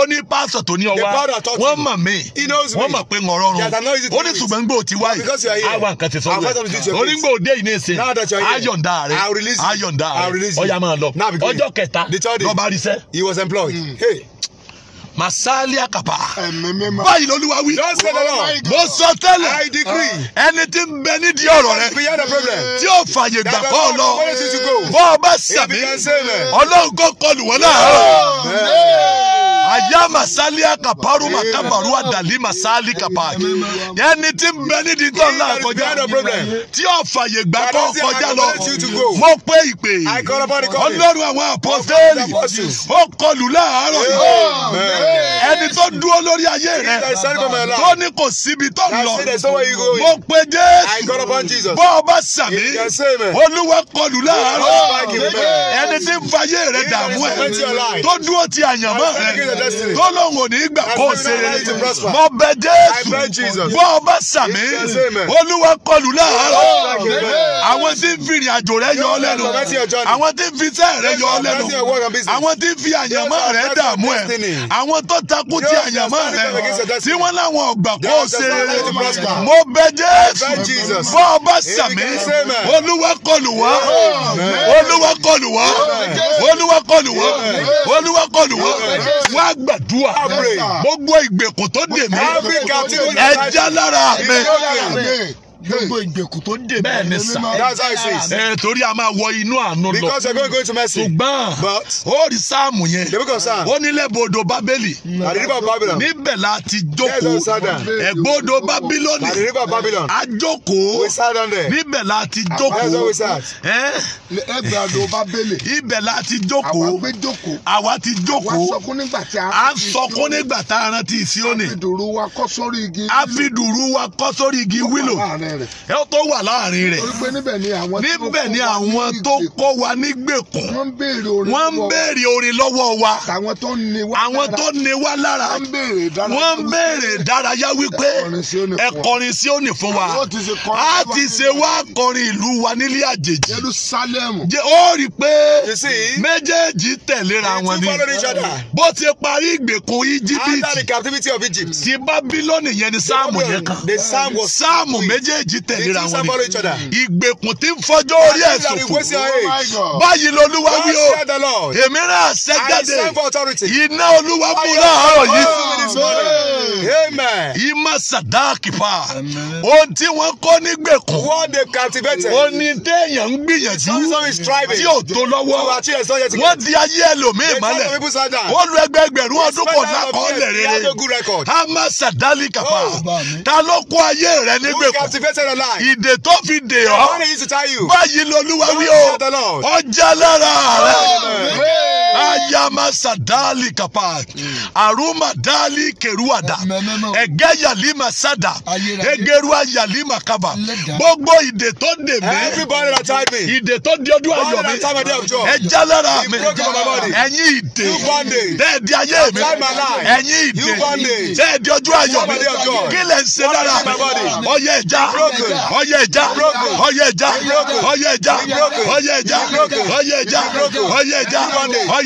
[SPEAKER 2] ó ní pásítọ̀ tó ní ọ wá wọ́n mọ̀ mí wọ́n mọ̀ pé ńlọrọ̀ rùn ó ní ṣùgbọ́n gbòó ti wáyé àwọn nǹkan ti sọ rẹ̀ ó ní gbòó dé ìní ìsìn ayọ̀ǹda rẹ̀ ayọ̀ǹda rẹ̀ ọ̀yà máa lọ ọjọ́ kẹta lọ́ba ríṣẹ́. he was employed. Mm. Hey masali akapa. báyìí lolúwa wí. Oh mo sọ tẹ́lẹ̀ ẹni tí ń bẹ nídìí ọ̀rọ̀ rẹ tí ó fàyè gbà pọ̀ lọ bọ́ ọ bá sàmì ọlọ́run kò kọlù wọn náà aya masali akaparu makabaru adali masali kapaki ẹni tí ń bẹ nídìí tó ńlá kọjá tí ó fàyè gbà kọ́ kọjá lọ mo pé ìpè ọlọ́run àwọn àpọ́sẹ́lì ó kọlù láàárọ̀ yìí ẹni tó dúró lórí ayé rẹ tó ní kò síbi tó lọ mo pe Jésù bọ́ ọ bá sàmí Olúwa kọlù láàárọ̀ ẹni tí ń fa ayé rẹ dààmú ẹ tó dúró ti àyànmọ́ rẹ tó lóun ò ní kó o ṣe rere mo bẹ Jésù bọ́ ọ bá sàmí Olúwa kọlù láàárọ̀ oh, àwọn tí ń fi ìrìn àjò rẹ yọ ọ lẹ́nu àwọn tí ń fi iṣẹ́ rẹ yọ ọ lẹ́nu àwọn tí ń fi àyànmọ́ rẹ dààmú ẹ àwọn àwọn tó takú ti àyàmọ́ rẹ̀ tí wọ́n láwọn ọ̀gbà kó o ṣe rere mo bẹ Jésù bọ́ ọba sàmì olúwa kọlù wá olúwa kọlù wá olúwa kọlù wá olúwa kọlù wá wá gbàdúrà gbogbo ìgbèkùn tó dè mí ẹja lára mi gbogbo ìgbèkùn tó dè bẹ́ẹ̀ ni sà ẹ eh, torí a máa wọ inú àánú lọ ṣùgbọ́n ó rí sáàmù yẹn ó nílẹ̀ bodò eh? bábélì níbẹ̀ la ti jókòó ẹ̀gbọ́dọ̀ bábílónì a jókòó níbẹ̀ la ti jókòó ibẹ̀ la ti jókòó àwa ti jókòó a sọkún nígbà tá a rántí Síónì a fi dùrú wa kọ́ sórí igi wílò rẹ̀. ẹ tó wà láàrin rẹ̀. níbẹ̀ ni àwọn tó kó wa nígbèkùn. wọ́n ń béèrè orin lọ́wọ́ wa. àwọn tó ní wa lára. wọ́n ń béèrè ìdárayá wípé ẹ kọrin Síónì fún wa. a ti ṣe wá kọrin ìlú wa nílé àjèjì. Jerúsálẹ́mù. ó rí i pé méjèèjì tẹ̀léra wọn ni. bó ti parí ìgbèkùn Íjíbítì. ti Bábílọ́nì yẹn ni sáàmù yẹn kan. sáàmù méjèèjì méjèèjì tẹ̀léra wọn ni ìgbèkùn tí ń fọjọ́ orí ẹ̀ sòfò oh
[SPEAKER 3] báyìí lolúwa wí o
[SPEAKER 2] èmi rán àṣẹ jáde iná olúwa mú láàárọ̀ yìí ìmọ̀ sàdáàkì pa ohun tí wọ́n kọ́ ní gbèkùn ó ní téèyàn ń gbìyànjú tí ò tó lọ́wọ́ wọ́n di ayé ẹlòmíì mọ́lẹ̀ wọ́n lu ẹgbẹgbẹ̀rún ọdún kò lákọ̀ọ́lẹ̀ rere àmọ̀ sàdáàkì pa oh. ta ló kó ayé rẹ ní gbèkùn greater than life. Ìdè tó fi dè ọ́. The one that used to tie you. Báyìí lolúwa wí o. Ọjà lára rẹ̀ ayama sadali kapa hmm. aruma dali keruada ẹgẹ yalima sada egerua yalima kaba gbogbo ìdè tó dè mí ìdè tó di ọdún ayọ̀ mi ẹja lára mi ẹ̀yin ìdè tẹ́ẹ̀dì ayé mi ẹ̀yin ìdè tẹ́ẹ̀dì ọdún ayọ̀ mi kílẹ̀ ń ṣe lára mi ọyẹ ẹja ọyẹ ẹja ọyẹ ẹja ọyẹ ẹja ọyẹ ẹja ọyẹ ẹja ọyẹ ẹja.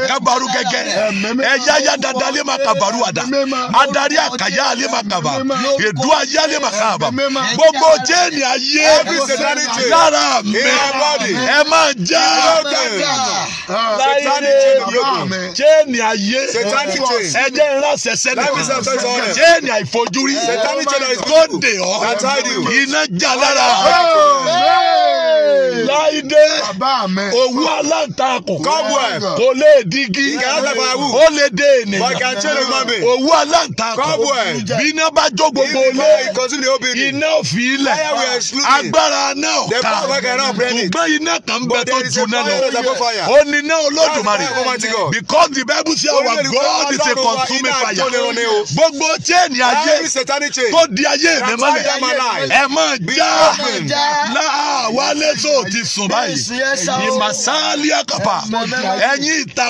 [SPEAKER 2] makabaru gẹ́gẹ́ ẹ̀yà ya dada ale makabaru ada adarí àkàyà ale makaba èdú ayé ale makaba gbogbo jéènì ayé lára mi ẹ máa já jéènì ayé ẹjẹ ńlá sẹsẹ ní jéènì àìfojúrí tó dè ọ iná já lára láìdé owó aláǹtakùn kò lè digi ó lè dé ènìyàn òwú aláǹtakùn bí iná bá jó gbogbo olé iná òfì ilẹ̀ agbára náà ká ṣùgbọ́n iná kan bẹ tó ju náà lọ ó ní iná olódùmarè because the bible say our God is a consuming fire gbogbo chain ayé tó di ayé mi mọ́lẹ̀ ẹ máa já láwálé ti sùn báyìí ìmàsáálí àkàpà ẹ̀yìn ìta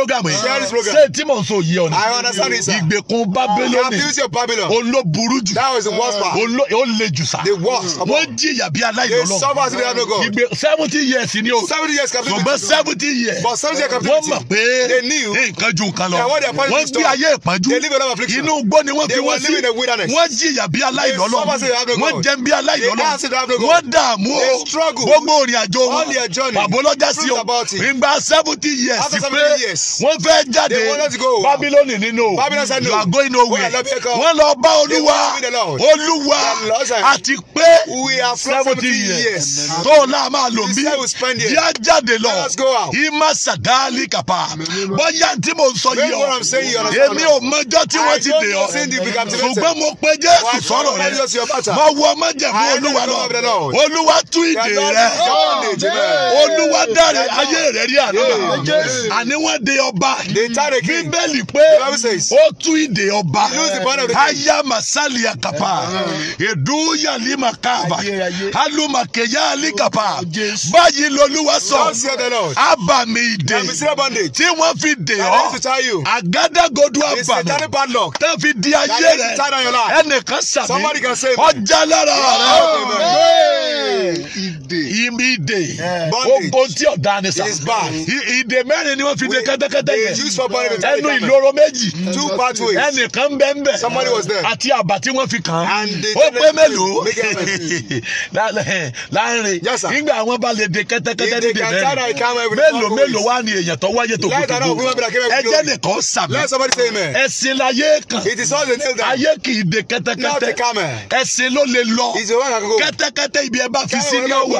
[SPEAKER 2] program yìí. Share this program. Ṣé tí mò ń sọ yìí ọ̀nà? I understand it sir. Ìgbèkùn Bábélónì. The abuse of Babylon. Olo burú jù. That was the worst part. Olo o le jù sa. The worst. Wọ́n jìyà bí aláìlọ́lọ́. They suffer as they have no God. Ìgbè seventy years ni o. seventy years captivity. Ṣùgbọ́n seventy years. But seventy years captivity. Wọ́n mọ̀ pé nǹkan ju nǹkan lọ. Wọ́n gbé ayé ìpọ́njú. They live a life of affliction. Inú igbó ni wọ́n fi wọ́n sí. Wọ́n jìyà bí aláìlọ́lọ́. Wọ́n jẹ bí aláìlọ́lọ́. They dààmú o. Gbogbo ìrìn àjò wọn. Pàbó lọ́jà sí o. Ìgbà seventy years ti pé wọ́n fẹ́ jáde Bábílónì nínú you are going nowhere wọ́n lọ bá olúwa olúwa àti pé seventy years tó o náà máa lò mí yá jáde lọ ima sadali kapa bóyá tí mo sọ yìí ọ èmi ò mọjọ́ tí wọ́n ti dè ọ́ ṣùgbọ́n mo pe Jésù sọ̀rọ̀ rẹ mo wọ ọmọjẹ̀mú olúwa lọ olúwa tú ìdè rẹ olúwa dáre ayé rẹ rí àná àní wọ́n de ọba bíbélì pé ó tú ìdè ọba aya masali akapa uh-huh. edu yali makaba alumake yali oh, kapa oh, báyìí lolúwa sọ abàmì ìdè tí wọ́n fi dè ọ́ àgádágodo abàmì tẹ́ fi di ayé rẹ ẹnìkan sàmì ọjà lára rẹ oh, ìdè ìdè ogun tí ọ̀daràn sà ìdè mẹ́rin ni wọ́n fi dè kẹ́tẹ́ kẹ́tẹ́kẹ́tẹ́ yẹn ẹnu ìloro méjì ẹnìkan bẹ́ẹ̀nbẹ́ àti àbá tí fi kàn án ó pé mélòó <laughs> láàrin nígbà àwọn bá lè de kẹ́tẹ́kẹ́tẹ́ níbi mẹ́rin mélòó mélòó wá ní èèyàn tó wáyé tó kúkú ẹjẹ́ nìkan sàmì ẹ̀sìn láyé kan ayé kì í de kẹ́tẹ́kẹ́tẹ́ ẹ̀sìn ló lè lọ kẹ́tẹ́kẹ́tẹ́ ibi ẹ bá fi sí ní ọwà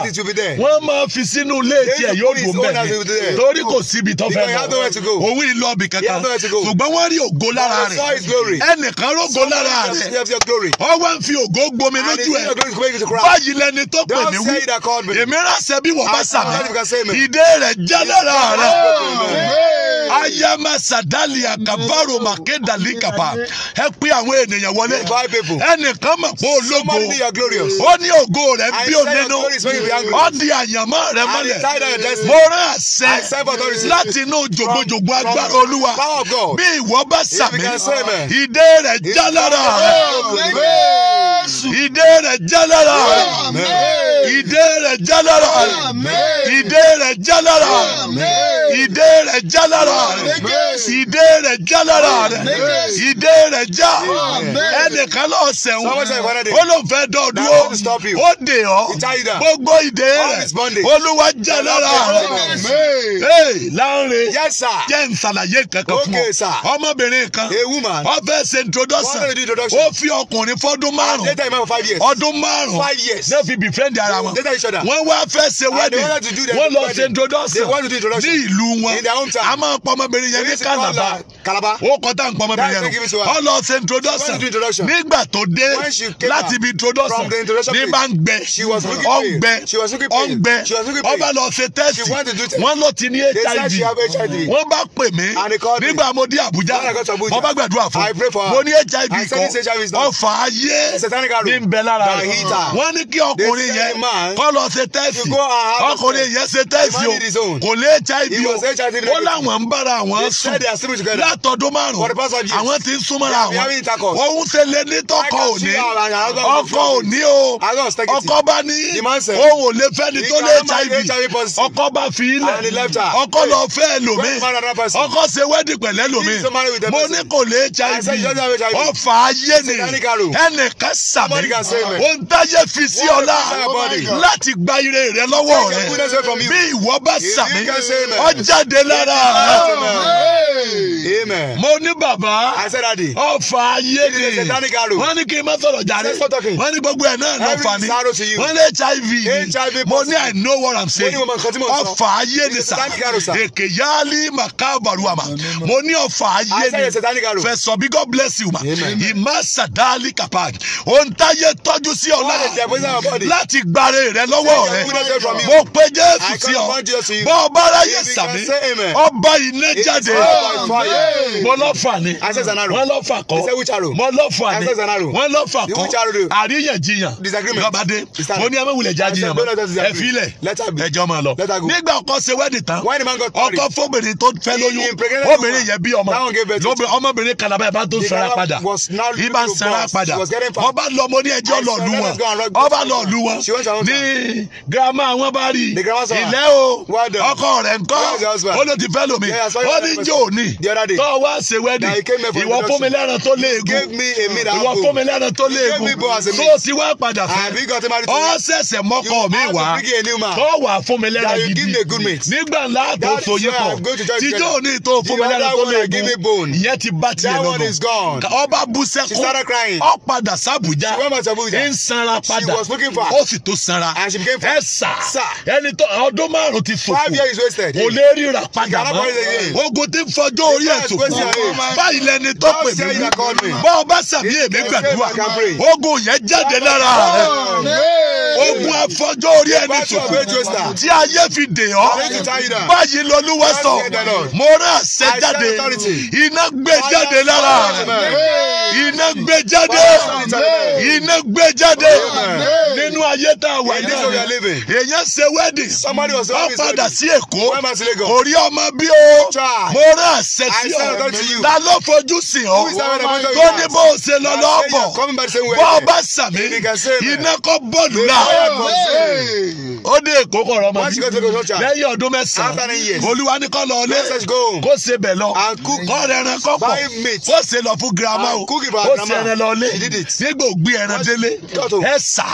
[SPEAKER 2] wọ́n máa fi sínú ilé tiẹ̀ yóò dùn bẹ́ẹ̀ torí kò síbi tó fẹ́ lọ òun yìí lọ bì kankan ṣùgbọ́n wọ́n rí ògo lára rẹ̀ ẹnìkan rógo lára rẹ̀ ọwọ́ ń fi ògo gbomi lójú ẹ̀ báyìí lẹni tó pè mí wú èmi ránṣẹ́ bí wọ́n bá sàmì ìdè rẹ̀ jẹ́ lára rẹ̀ ayama sadali akabaro makedali kaba ẹ pé àwọn ènìyàn wọlé ẹnìkan mọ̀ pé ológo ó ní ògo rẹ̀ bí o nínú ó di àyànmọ́ rẹ̀ mọ́lẹ̀ mo rán àṣẹ láti inú jògbójò jogún agbára olúwa bí ìwọ bá sàmì ìdè rẹ̀ já lára ìdè rẹ̀ já lára ìdè rẹ̀ já lára ìdè rẹ̀ já lára ìdè rẹ̀ já lára ìdè rẹ̀ já lára ìdè rẹ̀ já ẹnìkan lọ sẹ̀wọ̀n ó ló fẹ́ dọ̀ dúró ó dè ọ́ gbogbo ìdè rẹ̀ olúwa já lára láàrin jẹ́ n ṣàlàyé kankan fún ọ ọmọbìnrin kan ó fẹ́ ṣe introduction ó fi ọkùnrin fọdún márùn ọdún márùn náà fi befriend ara wọn wọ́n wá fẹ́ ṣe wedding wọ́n lọ ṣe introduction ní ìlú wọn a máa pọ ọmọbìnrin yẹn ní Calabar ó kọ́ tá n pọ ọmọbìnrin yẹn lọ ọ lọ ṣe introduction nígbà tó dé láti ibi introduction ní bá ń gbẹ ọ ń gbẹ ọ ń gbẹ ọba lọ ṣe test wọ́n lọ ti ní HIV wọ́n tó bá pè mí nígbà mo dé Àbújá mo bá gbàdúrà fún mo ní HIV kan ọfà ayé ní ń bẹ lára rẹ wọ́n ní kí ọkùnrin yẹn kọ́ lọ ṣe tẹ́ẹ̀fì ọkùnrin yẹn ṣe tẹ́ẹ̀fì o kò lé HIV o ó láwọn ń bára àwọn sùn látọdún márùn àwọn ti ń súnmọ́ra àwọn òun ṣe lé ní òní ọkọ òní o ọkọ bá ní òun ò lè fẹ́ ni tó lé HIV ọkọ bá fi ilẹ̀ ọkọ lọ fẹ́ ẹlòmíì ọkọ ṣe wẹ́ẹ̀dì pẹ̀lẹ́ lomi mo ní kò lè hiv ọfà ayé ni ẹnìkan sàmì ohun táyé fi sí ọlá láti gba ire rẹ lọ́wọ́ rẹ bí ìwọ bá sàmì ọjáde lára rẹ. mo ní bàbá ọfà ayé ni wọ́n ní kí n má sọ̀rọ̀ jàre wọ́n ní gbogbo ẹ̀ náà lọ́fà ni wọ́n ní hiv mo ní i know what i'm saying ọfà ayé ni sà èkè yálì mà makabaruwa ma mo ní ọ̀fà ayé ni fẹsọ̀ bí God bless you ma ìmọ̀ sàdáàlì kàpáàkì ohun táyé tọ́jú sí ọ̀la láti gbàre rẹ lọ́wọ́ rẹ mo pe Jésù sí ọ bọ́ ọba aráyé sàmí ọba ilé jáde mo lọ ni wọ́n lọ kọ́ mo lọ ni wọ́n lọ kọ́ àríyànjiyàn ìjọba mo ní ẹmẹ wulẹ̀ jájiyàn ma ẹ ma lọ nígbà ọkọ ṣe wẹ́ẹ̀dì tán ọkọ fóbìnrin tó fẹ́ lóyún obìnrin yẹn bí ọmọ ọmọbìnrin kalaba ẹ bá tó fẹ́ra padà ẹ bá ń padà ọba lọ ní ẹjọ́ lọ lu wọn ọba lọ lu wọn ní girama wọn bá rí ilẹ̀ o ọkọ rẹ̀ ńkọ́ ó ló ti fẹ́ lómi ó ní jò ní tó wá ṣe wẹ́dì ìwọ fún mi lẹ́ran tó léegun ìwọ fún mi lẹ́ran tó léegun tó ti wá padà fẹ́ ọ ṣẹ̀ṣẹ̀ mọ́kọ mi wá tó wà fún mi lẹ́ran gidi nígbà ńlá tó so yé pọ̀ tíjọ́ ò ní ìtò fún mi lára tó lè gun ìyẹn ti bá tiẹ̀ lọ́nà ọba bú sẹ́kún ó padà sàbújá ń sanra padà ó sì tó sanra ẹ sà ẹni tó ọdún márùn ti fò fò kò lè ríra padà mọ́ ogun ti fọjọ́ orí ẹ̀ tó kù báyìí lẹni tó pè mí bọ́ ọba sàmì èmi gbàdúrà ogun yẹn jáde lára rẹ̀ ogun afọjọ́ orí ẹni tó kù tí ayé fi dè ọ́ báyìí lọ́lúwa sọ mo rán àṣẹ jáde iná gbé jáde lára iná gbé jáde iná gbé jáde nínú ayé tá a wà ní ọ̀rẹ́ èèyàn ṣe wedding wọ́n padà sí Èkó orí ọmọ bí o mo rán àṣẹ sí ọ ta ló fojú sí ọ tó ní bó o ṣe lọ lọ́ọ̀bọ̀ bó o bá sàmì iná kọ́ bọ́ọ̀lù náà ó dé Èkó kọ̀ọ̀rọ̀ ọmọ bí lẹ́yìn ọdún mẹ́sàn-án olúwa ní kọ́ lọ kó se bẹ̀ lọ kọ́ ẹran kọ́pọ̀ kó se lọ fún girama o kó se ẹran lọ lé nígbà ó gbé ẹran délé ẹ sà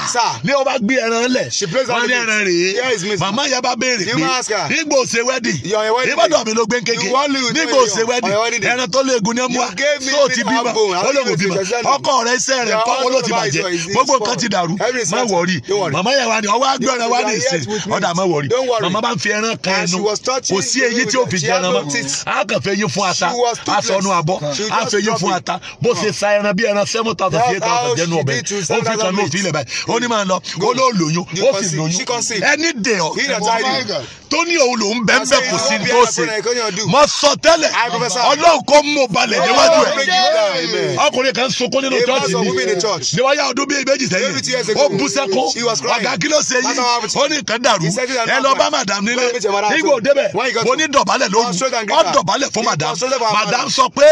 [SPEAKER 2] ní ó bá gbé ẹran lẹ̀ wọ́n ní ẹran rèé màmá yẹn bá béèrè pé nígbà ó ṣe wedding ìbádọ̀ mi ló gbé kéke nígbà ó ṣe wedding ẹran tó léegun ní ẹmu wa tó ti bímọ olóògùn bímọ ọkọ rẹ iṣẹ́ rẹ pọ́pọ́ ló ti bàjẹ́ gbogbo nǹkan ti dàrú má wọrí màmá yẹn wà ní ọwọ́ agbẹ́rẹ́ wà ní ìsìn ọ̀dà má wọrí màmá bá ń fi ẹran kan ẹnu kò sí èyí tí ó ẹran mọ́ a kàn fẹ́ yín fún ata a sọ nu abọ́ a fẹ́ yín fún ata bó ṣe sa ẹran bí ẹran seven thousand eight thousand jẹ́nu ọbẹ̀ ó fi kan ní òfin ilẹ̀ lọ ó ló lóyún lóyún ẹni dè ọ tó ní òun lòún bẹ́ẹ̀ bẹ́ẹ̀ kò sí tó ṣe mọ sọ tẹ́lẹ̀ ọlọ́run kò mú balẹ̀ níwájú ẹ̀ ọkùnrin kan sunkún nínú church mi níwájú ọdún bíi méjì sẹ́yìn ó bú sẹ́kún ọ̀gá kí ló ṣe yìí ó ní nǹkan ẹ lọ bá madam nílé nígbà òdebẹ̀ mo ní dọ̀bálẹ̀ ló lóru wọ́n dọ̀bálẹ̀ fún madam madam sọ pé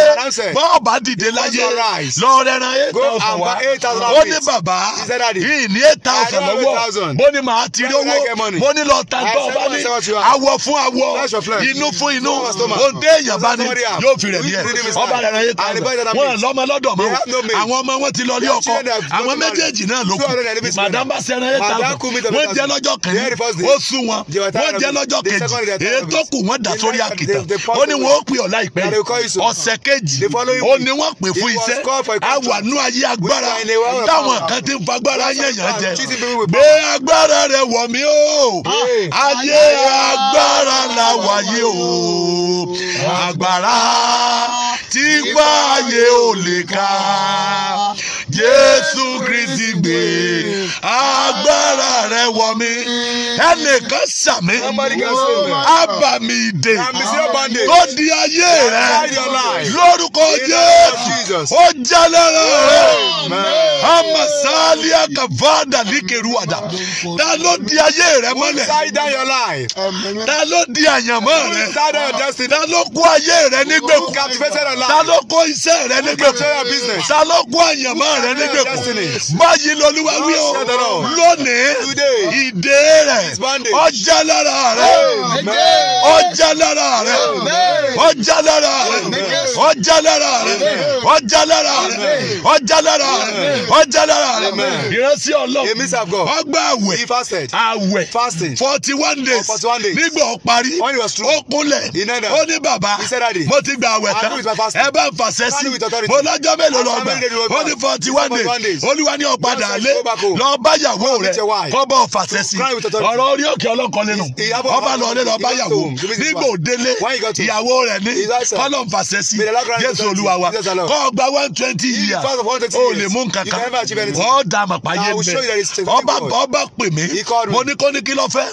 [SPEAKER 2] bọ́ọ̀bà dìde láyé lọ rẹran eight thousand wa ó ní bàbá yìí ní eight thousand lọ́wọ́ bó ni màá ti rí owó bó ni lọ ta bọ́ọ̀bà ní awọ fún awọ inú fún inú òde èèyàn bá ní yóò fi rẹ̀ ní ẹ̀ ọba rẹ̀ rẹ̀ eight thousand wọn lọ́mọ lọ́dọ̀ mọ́ àwọn ọmọ wọn ti lọ ní ọkọ àwọn méjèèjì náà ló kù madam bá sẹ́ran eight thousand wọ́n jẹ́ lọ́jọ́ kẹ́ni ó sún wọn wọ́n jẹ́ lọ́jọ́ kejì èyí tó kù wọ́n dà sórí ak kìtà ó ní wọ́n pè ọ̀la ìpẹ́ ọ̀sẹ̀ kejì ó ní wọ́n pè fún iṣẹ́ àwànú ayé agbára táwọn kan ti ń fagbára yẹ̀yàn jẹ gbé agbára rẹ wọ̀ mí o ayé agbára la wáyé o agbára tí gbáyé ò lè ká jésù kristi gbé agbára rẹ wọ mi ẹnìkan sàmì abàmì ìdè tó di ayé rẹ lórúkọ jésù ó jálẹ̀rẹ̀ rẹ amasali akavada likeruada ta ló di ayé rẹ mọ́lẹ̀ ta ló di àyànmọ́ rẹ ta ló kó ayé rẹ nígbèkùn ta ló kó iṣẹ́ rẹ nígbèkùn ta ló kó àyànmọ́ rẹ rẹ nígbèkùn báyìí lọ́lúwa wí o lónìí ìdè rẹ ọjà lára rẹ ọjà lára rẹ ọjà lára rẹ ọjà lára rẹ ọjà lára rẹ ọjà lára rẹ ọjà lára rẹ ìránṣẹ́ ọlọ́run ọgbà àwẹ̀ àwẹ̀ forty one oh, days nígbà ọ̀parí ó kúnlẹ̀ ó ní bàbá mo ti gbà àwẹ̀ tán ẹ bá ń fàṣẹ sí mo lọ́jọ́ mélòó lọ́gbà ó ní forty one day olúwa ní ọ̀padà lé lọ bá yàwó rẹ kọ́bọ̀ fàṣẹ sí ọ̀rọ̀ orí òkè ọlọ́kan lẹ́nu ọba lọ lé lọ bá yàwó nígbò délé ìyàwó rẹ ní kọ́lọ̀n fàṣẹ sí jésù olúwa wa kọ́ ọgbà one twenty years ó lè mú nkankan ọ̀ dà màpá yé mẹ́ ọba ọba pè mí mo ní kó ní kí ló fẹ́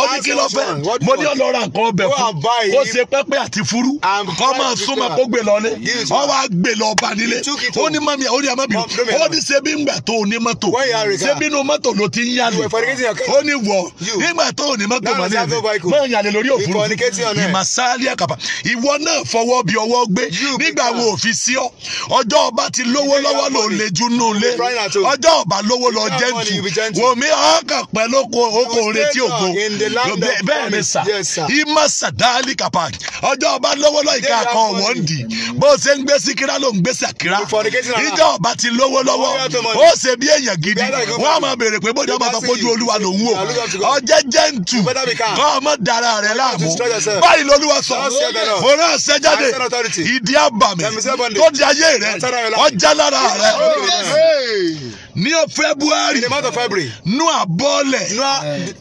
[SPEAKER 2] ó ní kí ló fẹ́ mo ní ọlọ́ra nǹkan ọbẹ̀ fún kó ṣe pẹ́pẹ́ àti furu kọ́ máa súnmọ́ kó gbé lọ lé ọ wá gbé lọ ọba nílé ó ní mami ó ní amabio ó ní ṣebí ńgbà tó o ní mọ́tò ṣebí inú mọ́tò ló ti ń yálè ó ní wọ nígbà tó o ní mọ́tò mọ́ ní ẹ̀mí mọ́ ìyàlè lórí òfurufú ìmọ̀sáálí àkàpà ìwọ náà fọwọ́ bí ọwọ́ gbé nígbà wo òfin sí ọ ọjọ́ ọba ti lówó lọ́wọ́ ló ń lejú nù lé ọjọ́ ọba lówó lọ jẹ́ǹtù wò mí ọkàn pẹ́ lóko oko retí ògo bẹ́ẹ̀ ni sà ìmọ̀ sàdáálì kàpà ọjọ́ ọba lówó lọ lówó lọ́wọ́ ó ṣe bí èèyàn gidi wọ́n á máa béèrè pé bóde ọmọ sọpọ́ olúwa lòun o ọjẹ́ jẹ́ǹtù kọ́ ọmọ dara rẹ̀ láàmú báyìí lolúwa sọ mo rán jáde ìdí àbàmì tó di ayé rẹ̀ ọjà lára rẹ̀ ní february nú àbọ̀lẹ̀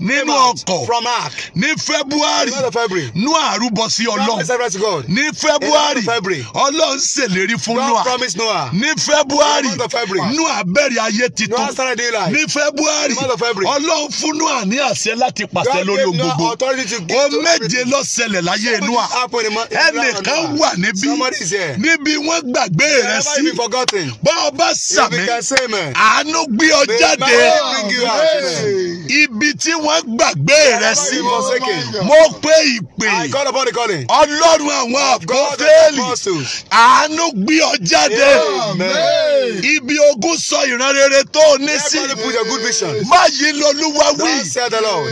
[SPEAKER 2] nínú ọkọ̀ ní february nú àrúbọ sí ọlọ́run ní february ọlọ́run ṣèlérí fún noah ní february Noah bẹ̀rẹ̀ ayé titun ní February Ọlọ́run fún Noah ní àṣẹ láti pàṣẹ lórí ohun gbogbo o méje ló ṣẹlẹ̀ láyé Noah ẹnìkan wà níbí níbi wọ́n gbàgbé rẹ sí bọ́ ọ bá sàmì àánú gbé ọ jáde ibi tí wọ́n gbàgbé rẹ sí mo pé ìpè ọlọ́run àwọn àpọ́fẹ́lì àánú gbé ọ jáde ibi ogun sọ ìran rere tó ní sí. má yí lolúwa wí.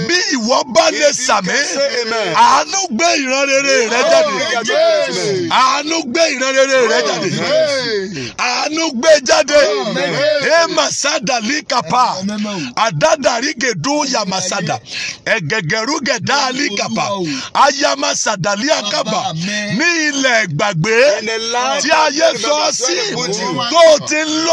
[SPEAKER 2] bí ìwọ bá lè sàmì. àánú gbé ìran rere rẹ oh, jáde. àánú gbé ìran rere rẹ oh, jáde. àánú gbé jáde. Oh, emasada likapa. àdádàrí gèdú yamasada. ẹ̀gẹ̀gẹ̀rú gẹ̀dá likapa. ayamasada liakaba. ní ilẹ̀ gbàgbé tí ayé sọ sí tó ti ń lọ.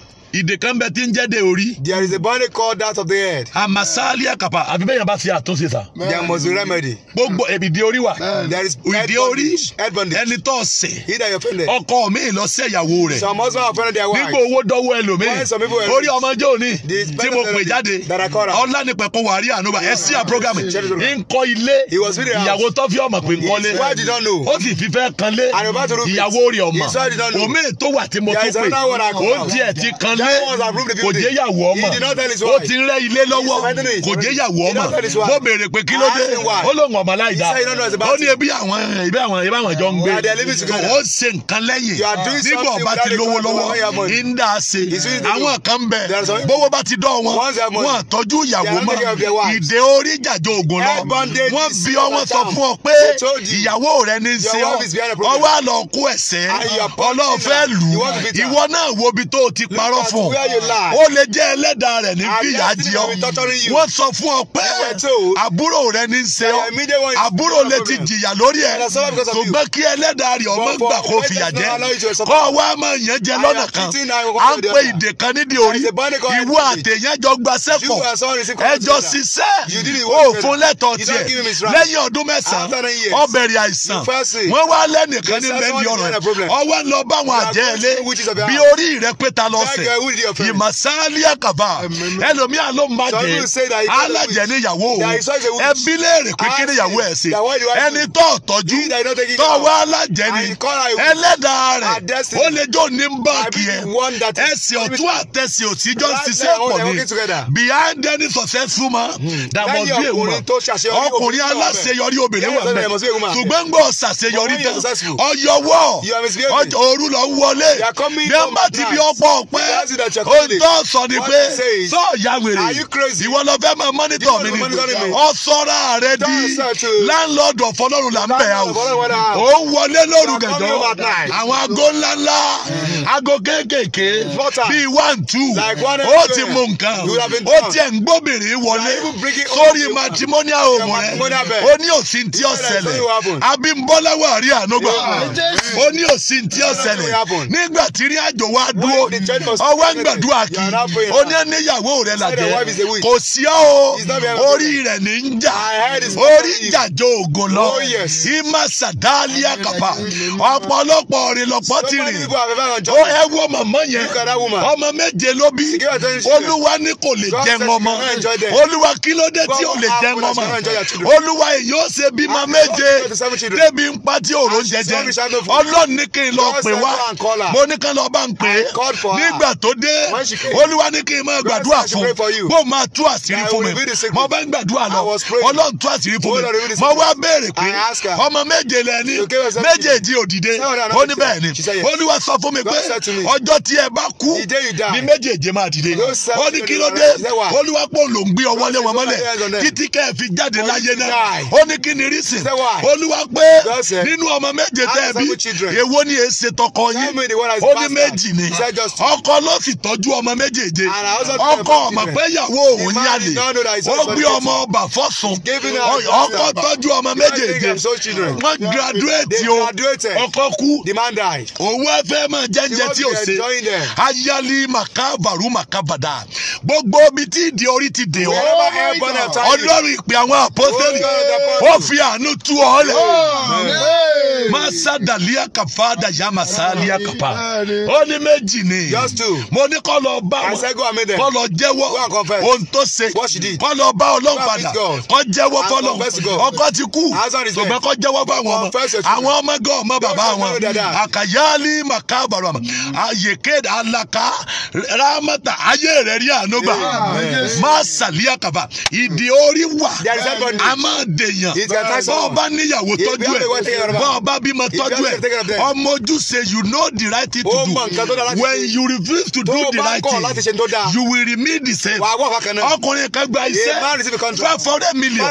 [SPEAKER 2] ìdè kan bẹ tí ń jẹ́ de orí. there is a body called that of the head. amasali akapa àbí bẹ́ẹ̀ yẹn bá ṣe àtúnṣe sa. there must be remedy. gbogbo ìdè orí wa. there is head bondage. head bondage. ẹni tó ṣe. he that you offended. ọkọ mi lọ sí ẹ̀yàwó rẹ̀. some husband offended their wife. nígbà owó dọ́wọ́ ẹlòmíì. why some people were. orí ọmọjọ́ òní. tí mo pè jáde. that I call am. ọlá ni pẹ̀kọ́ wàrí ànúbà ẹ sí à program. ń ilé. he was feeding house. ìyàwó tó fi ọmọ pé ń kọ́lé. did not know. ó sì fi fẹ́ kanlé. and about to do business. ìyàwó rẹ̀ did not know. is jẹ́ kò jẹ́ yàwó ọmọ ó ti rẹ́ ilé lọ́wọ́ kò ọmọ mo béèrè pé kí ló dé ó lóun ọmọ láì ó ní ebi àwọn ibi àwọn ibi àwọn jọ ń gbé ó ṣe nǹkan lẹ́yìn nígbà ọba ti lówó lọ́wọ́ ìdá ṣe àwọn kan bẹ bówó bá ti dọ̀ wọn wọn tọ́jú ìyàwó mọ́ ìdè orí jàjọ ògùn lọ wọn bí ọ sọ fún ọ pé ìyàwó rẹ ní ṣe ọ ọwọ́ àlọ́ kó ẹ̀sẹ̀ ọlọ́ọ̀fẹ́ lù ìwọ náà wo ibi tó o ti parọ́ fún ó lè jẹ́ ẹlẹ́dàá rẹ̀ ní fìyà jẹ ọ́ wọ́n sọ fún ọ pé àbúrò rẹ ní í ṣe ọ́ àbúrò lè ti jìyà lórí ẹ̀ ṣùgbọ́n kí ẹlẹ́dàá rẹ̀ ọmọ gbà kó fìyà jẹ kọ́ ọ wá máa yẹn jẹ lọ́nà kan à ń pe ìdè kan nídìí orí ìwọ àtẹ̀yẹn jọ gbaṣẹ́ pọ̀ ẹjọ́ ṣiṣẹ́ òfun lẹ́tọ̀ọ́ tiẹ̀ lẹ́yìn ọdún mẹ́sàn-án ọbẹ̀rẹ̀ àìsàn wọ́n wá lẹ́nìkan ní mẹ́ni ọ̀rọ̀ ọwọ́ ń lọ báwọn àjẹ́ ẹlé bí orí rẹ pé ta lọ́sẹ̀ yìí mà sáálí àkàbà ẹlòmíà ló má jẹ alájẹ níyàwó ẹbí léèrè pé kí níyàwó ẹ ṣe ẹni tó tọ́jú tó wá alájẹ ni ẹlẹ́dàá rẹ̀ ó lè jọ ní báàkì ẹ ẹsẹ̀ ọ̀tún àtẹsẹ̀ òsì jọ ṣiṣẹ́ pọ̀ ni behind any successful man dàbọ̀ bí èwù mọ̀ ọkùnrin aláṣeyọrí obìnrin wà mẹ́ ṣùgbọ́n gbọ́ ṣàṣeyọrí tán ọyọwọ́ òru lọ wọlé bí wọ́n bá ti bí ọ̀pọ̀ ọ̀pẹ́ ó ń tọ́ sọ ni pé sọ ya wèrè ìwọ lọ fẹ́ máa mọ́nítọ̀ mi ni ọ sọ́ra rẹ di láńlọ́ọ̀dù ọ̀fọ́lọ́run là ń bẹ̀ àwọn ò ń wọlé lóru gẹ̀dọ́ àwọn aago ńláńlá aago kéékèèké bíi one two ó ti mú nǹkan ó tiẹ̀ ń gbóbìnrin wọlé sórí matrimonial home rẹ ó ní òsì tí ó ṣẹlẹ̀ abímbọ́láwọ̀ àrí ànúgbà ó ní òsì tí ó ṣẹlẹ̀ nígbà tí rí àjò wa dúró ọw wá ń gbàdúrà kí ó ní ẹnìyàwó rẹ làjẹ kò sí ọ o orí rẹ ní ń jà orí jàjọ ògo lọ ìmọ̀ oh, sàdáàlì àkàpà ọ̀pọ̀lọpọ̀ rìn lọ́pọ̀ ti rìn ó ẹ wo màmá yẹn ọmọ méje ló bí olúwa ní kò lè jẹun ọmọ olúwa kí ló dé tí ò lè jẹun ọmọ olúwa èyí ó ṣe bímọ méje débi ń pa tí òrò jẹjẹ ọlọ́run ní kí lọ pè wá mo ní kí lọ bá ń pè é nígbà tó dé olúwa ní kí n máa gbàdúrà fún bó máa tú àṣírí fún mi mo bá ń gbàdúrà lọ ọlọ́run tú àṣírí fún mi mo wá béèrè pé ọmọ méje lẹ́ni méjèèjì òdìdé ó ní bẹ́ẹ̀ ni olúwa sọ fún mi pé ọjọ́ tí ẹ bá kú ni méjèèjì máa dìde ó ní kí ló dé olúwa pò ló ń gbé ọwọ́ lé wọn mọ́lẹ̀ títí kẹ́ ẹ fi jáde láyé náà ó ní kí ni rísìn olúwa pé nínú ọmọ méje tẹ́ ẹ bí èwo ni èsè tọkọ yín ó ní méjì ni ọkọ ló ló fi tọ́jú ọmọ méjèèje ọkọ ọmọ pé ìyàwó òun ní àlè ó gbé ọmọ ọba fọ́sùn ọkọ tọ́jú ọmọ méjèèje wọ́n graduate o ọkọ kú owó ẹfẹ́ máa jẹ́jẹ́ tí o ṣe ayálí màkàbàrú màkàbàdà gbogbo omi tí ìdí orí ti dè ọ́ ọlọ́run ìpè àwọn àpọ́sẹ́lì oh, ó fi àánú tú ọ lẹ̀ máa sádàlíà kàfá dàyà màsálíà kàfá ó ní méjì ni. Just two mo ní kọ́ lọ bá wọn kọ́ lọ jẹ́wọ́ ohun tó ṣe kọ́ lọ bá ọlọ́run kọ́ jẹ́wọ́ fọlọ́ ọkọ ti kú ṣùgbọ́n kọ́ jẹ́wọ́ bá wọn àwọn ọmọ gẹ́ ọmọ bàbá wọn àkàyálì màkà àyèkéde alaka ramata ayé rẹ̀ rí ànúgbà máa sàlí àkàbà ìdí orí wà a máa dèèyàn bọ́ọ̀ bá níyàwó tọ́jú ẹ̀ bọ́ọ̀ bá bímọ tọ́jú ẹ̀ ọmọ ojúṣe you know the right thing to do when you refuse to do the right thing you will remain the same ọkùnrin kan gba iṣẹ́ five hundred million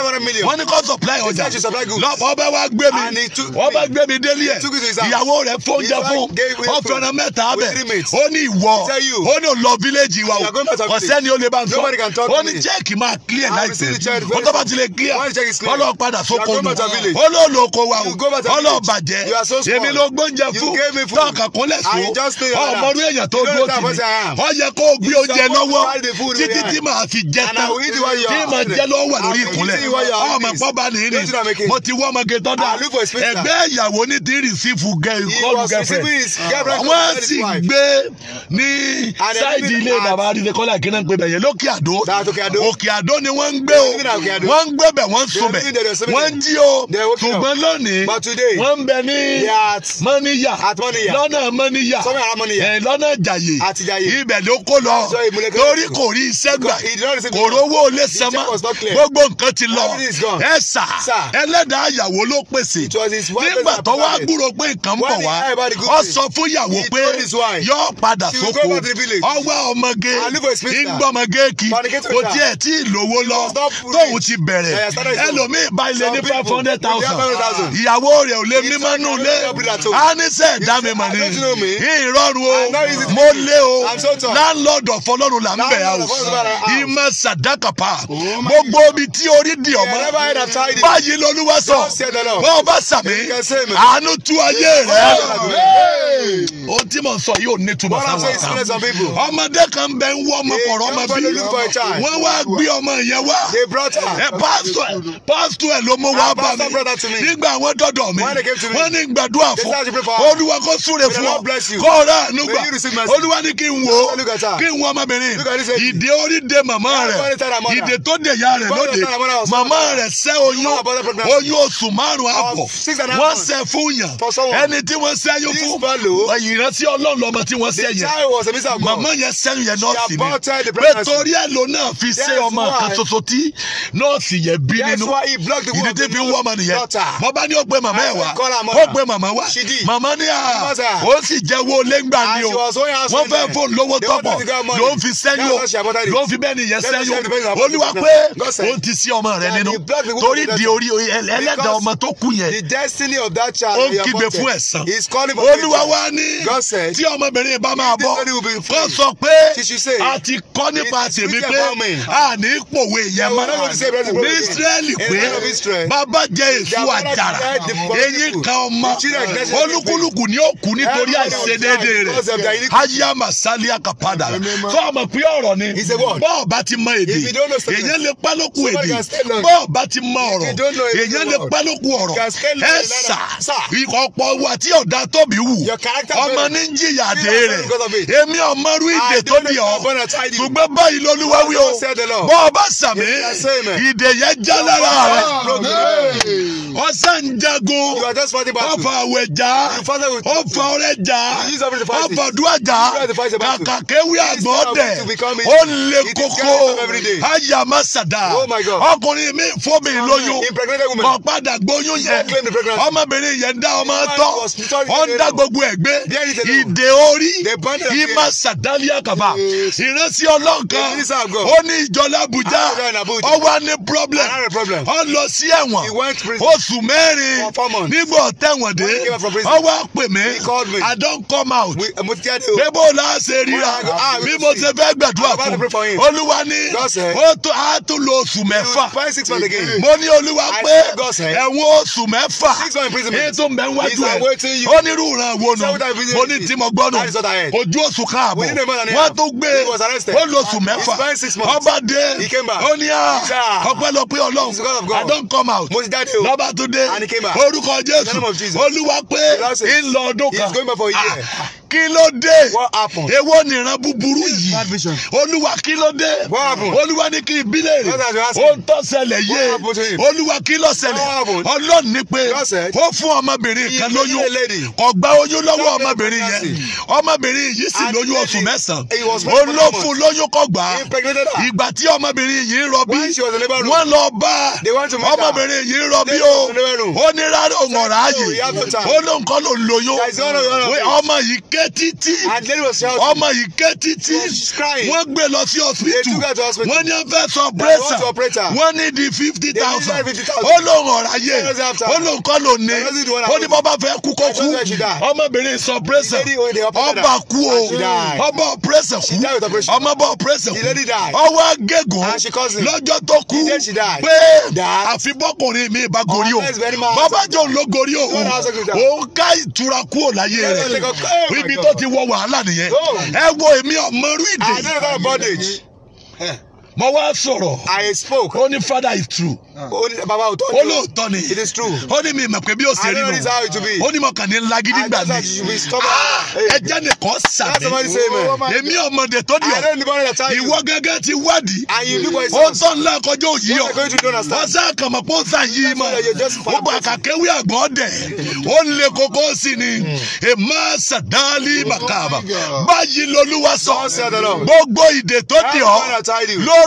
[SPEAKER 2] wọ́n ní kó supply ọjà lọ́pọ̀ ọbẹ̀ wa gbé mi ọbẹ̀ gbé mi délé ẹ̀ ìyàwó rẹ̀ fóúnjẹ fún ọ̀fẹ́ràn mẹ́ta abẹ ó ní ìwọ ó ní olọ fíléèjì wa o ọ̀sẹ́ ni ó lè bá ń sọ ó ní jẹ́ẹ̀kì máa clear láìsẹ̀ ó tó bá ti lè clear ọlọ́ọ̀ padà sóko nù ó lọ́ọ̀ lọ oko wa o ọlọ́ọ̀ bàjẹ́ èmi ló gbóúnjẹ fún tọ́ọ̀kà kúnlẹ̀ sùn ọmọdún èèyàn tó dúró tì Ah, ó yẹ kó o gbé oúnjẹ lọ́wọ́ títí tí màá fi jẹ tán tí màá jẹ lọ́wọ́ lórí ìkúnlẹ̀ ọmọ pọ́ bá ní rìn mo ti wọ́ ọmọge tọ́da ẹgbẹ́ ìyàwó ní ti rìsífù gẹ ìkọlù gẹfẹ wọ́n sì gbé ní sáìdì ilé bàbá àdìdẹ kọ́lá ìkíná ń pè bẹ̀yẹ lókè àdó òkè àdó ni wọ́n ń gbé o wọ́n ń gbé bẹ̀ ń sùn bẹ̀ ń jí o ṣùgbọ́n lónìí wọ́n ń bẹ ní mọ́níyà lọ́nà mọ́níyà lọ́nà jàyè ibẹ̀ ló kó lọ lórí kò rí iṣẹ́ gbà kò rówó ilé sẹ́mọ́ gbogbo nǹkan ti lọ ẹ sà ẹlẹ́dàá ìyàwó ló pèsè nígbà tó wá gbúrò pé nǹkan ń bọ̀ wá ọ sọ fún ìyàwó pé yọ padà sóko ọwọ́ ọmọge ìgbọ́mọge kì kò tiẹ̀ tí ì lọ tóun ti bẹ̀rẹ̀ ẹlòmíì bá ilé ní five hundred thousand ah, ìyàwó rẹ̀ ò lè mímọ́ nù lé á ní sẹ́ẹ̀ dá mi mọ̀ ní ìrọ̀rùn o mo lé o o landlord of ọlọ́run là ń bẹ̀ ya o ìmọ̀ sàdákàpá gbogbo omi tí orí di ọmọ báyìí lọ́lúwa sọ bọ́ọ̀ bá sàmì àánú tú ayé rẹ̀. Oh, o tí mo sọ yóò ní túmọ̀ sáwọn kan ọmọdé kan bẹ ń wọ ọmọ kọ̀rọ̀ ọmọ bí wọ́n wá gbé ọmọ yẹn wá ẹ pásítọ̀ ẹ pásítọ̀ ẹ ló mú wá bá mi nígbà àwọn dọ́dọ̀ mi wọ́n ní gbàdúrà fún olúwa kó súre fún ọ kó rà ànú gbà olúwa ní kí n wò ó kí n wò ọmọbìnrin ìdè orí de màmá rẹ̀ ìdè tó dè ya rẹ̀ lóde màmá rẹ̀ sẹ́ oyún oyún oṣù márùn-ún àbọ̀ wọ́n sẹ́ fún yàn ẹni tí wọ́n sẹ́yún fún ìrántí ọlọ́run lọmọ tí wọ́n sẹ́yìn. the child was a minister of God. màmá yẹn sẹ́yìn yẹn nọ́ọ̀sì ni pé torí ẹ̀ ló náà fi ṣe ọmọ kan ṣoṣo tí nọ́ọ̀sì yẹn bí nínú ìdíje fi ń wọ́ ọmọ nìyẹn. mo bá ní ó gbé màmá ẹ̀ wá ó gbé màmá wá màmá ní à ah, ó sì jẹ́wọ́ lẹ́ngbà ni o wọ́n fẹ́ fóònù lówó tọ́pọ̀ ló ń fi sẹ́yìn o ló ń fi bẹ́ẹ̀ nìyẹn sẹ́yìn o olúwa pé ó ti sí ọmọ rẹ nínú torí di orí ẹlẹ́dàá ọmọ tó kú yẹn ó kígbe fún ẹ̀san olúwa wá ní. God said. Tí ọmọbìnrin bá máa bọ́. Kó sọ pé a ti kọ́ nípa tèmi pé a ní pòwe yẹn mọ́. Ní Ísírẹ́lì pé bàbá jẹ èso àjàrà. Eyín kan ọmọ. Olúkúlùkù ni ó kú nítorí àìṣedéédé rẹ̀. Aya Masali Akapada. Sọ ọmọ pé ọ̀rọ̀ ni. Bọ́ọ̀ bá ti mọ èdè. Èyàn lè pálókù èdè. Bọ́ọ̀ bá ti mọ ọ̀rọ̀. Èyàn lè pálókù ọ̀rọ̀. Ẹ sà. Ọ̀pọ̀ wa tí ọ̀dà tóbi wù. Ọ ọmọ ní jìyà dé rẹ̀ èmi ọmọ rú ìdè tó di ọ ṣùgbọ́n báyìí lolúwa wí o bọ́ ọ bá sàmì ìdè yẹn já lára rẹ̀ ọsàn jago ọfà àwẹ̀ já ọfà ọrẹ já ọfà dúà já kàkà kéwì àgbọ̀ dẹ̀ ó lè koko àyà má sàdá oh ọkùnrin mi fómi lóyún ọ̀padà gbóyún yẹn ọmọbìnrin yẹn dá ọmọ tọ́ ọ̀n dá gbogbo ẹ̀ gbé ìdè orí ìmọ̀ sàdáníà kàbà ìrántí ọlọ́ǹkan ó ní ìjọlá Àbújá ah, ó wá ní problem ó lọ sí ẹ̀wọ̀n oṣù mẹ́rin nígbà ọ̀tẹ̀wọ̀n dé ó wá pè mí I don come out bébò láṣẹ ríra ah, bí mo ṣe fẹ́ gbàdúrà fún olúwa ní ó tó a tó lo oṣù mẹ́fà mo ní olúwa pé ẹ̀wọ̀n oṣù mẹ́fà ètò mẹ́wájú ẹ̀ onírúurú àwọn ọ̀nà mo ní tí mo gbọ́dọ̀ ojú oṣù kan àbọ̀ wọ́n tó gbé ó lóṣù mẹ́fà ọba dé ó ní à ah, ah, ọpẹ́lọpẹ́ ọlọ́run I don come out lọ́ba tó dé orúkọ Jésù olúwa pé ń lọ ọdún kan kí ló dé èwo nìran búburú yìí olúwa kí ló dé olúwa ní kí n bí léèrè ó ń tọ́ ṣẹlẹ̀ yé olúwa kí ló ṣẹlẹ̀ ọlọ́run ní pé ó fún ọmọbìnrin kan lóyún kò gba oyún lọ́wọ́ ọmọbìnrin yẹn ọmọbìnrin yìí sì lóyún oṣù mẹ́sàn-án ó ló fún lóyún kò gbà á ìgbà tí ọmọbìnrin yìí ń rọbí wọ́n lọ bá ọmọbìnrin yìí ń rọbí o ó ní rárá òǹgọ̀rá yìí ó ló ń kọ́ ló ń lóyún ọmọ yìí ké ké títí ọmọ yìí ké títí wọ́n gbé lọ sí hospital wọ́n ní fẹ́ sọ bresa wọ́n ní di fifty thousand ó lóun ọ̀rá yé ó lóun kọ́ ló ní ó ní bọ́bá fẹ́ kú kó kú ọmọbìnrin sọ bresa ọba kú o ọba bresa kú ọmọ bọ̀ bresa kú ọwọ́ gégùn lọ́jọ́ tó kú pé àfibọ́kùnrin mi bá gorí o bàbá jọ ló gorí o òun ká ìtura kú ò láyé rẹ̀ ibi tó ti wọ wàhálà nìyẹn oh. ẹ wo èmi ọmọ orí ìdè mo wá sọ̀rọ̀. I spoke. ó ní father is true. Ah. ó ní baba ò tọ́ ni. ó lóòótọ́ ni. it is true. ó ní mi mọ̀ pé bí ó ṣe rí nù. I don't know this how it will be. ó ní mo kàn ní lágídí gbà mí. I just like you stubborn. Ah! ẹjẹ́ nìkan sàmì. that's what he say man. Oh, èmi ọmọdé tó di ọ. I don't know the time. ìwọ gẹ́gẹ́ ti wádìí. and ah, you look for yourself. ó tọ́ ńlá kọjá òyì ọ. wọ́n sá kàmọ́ pọ́ sá yí ma. ó bá kàkéwì àgbọ̀ dẹ̀. Mm. ó ń le koko sí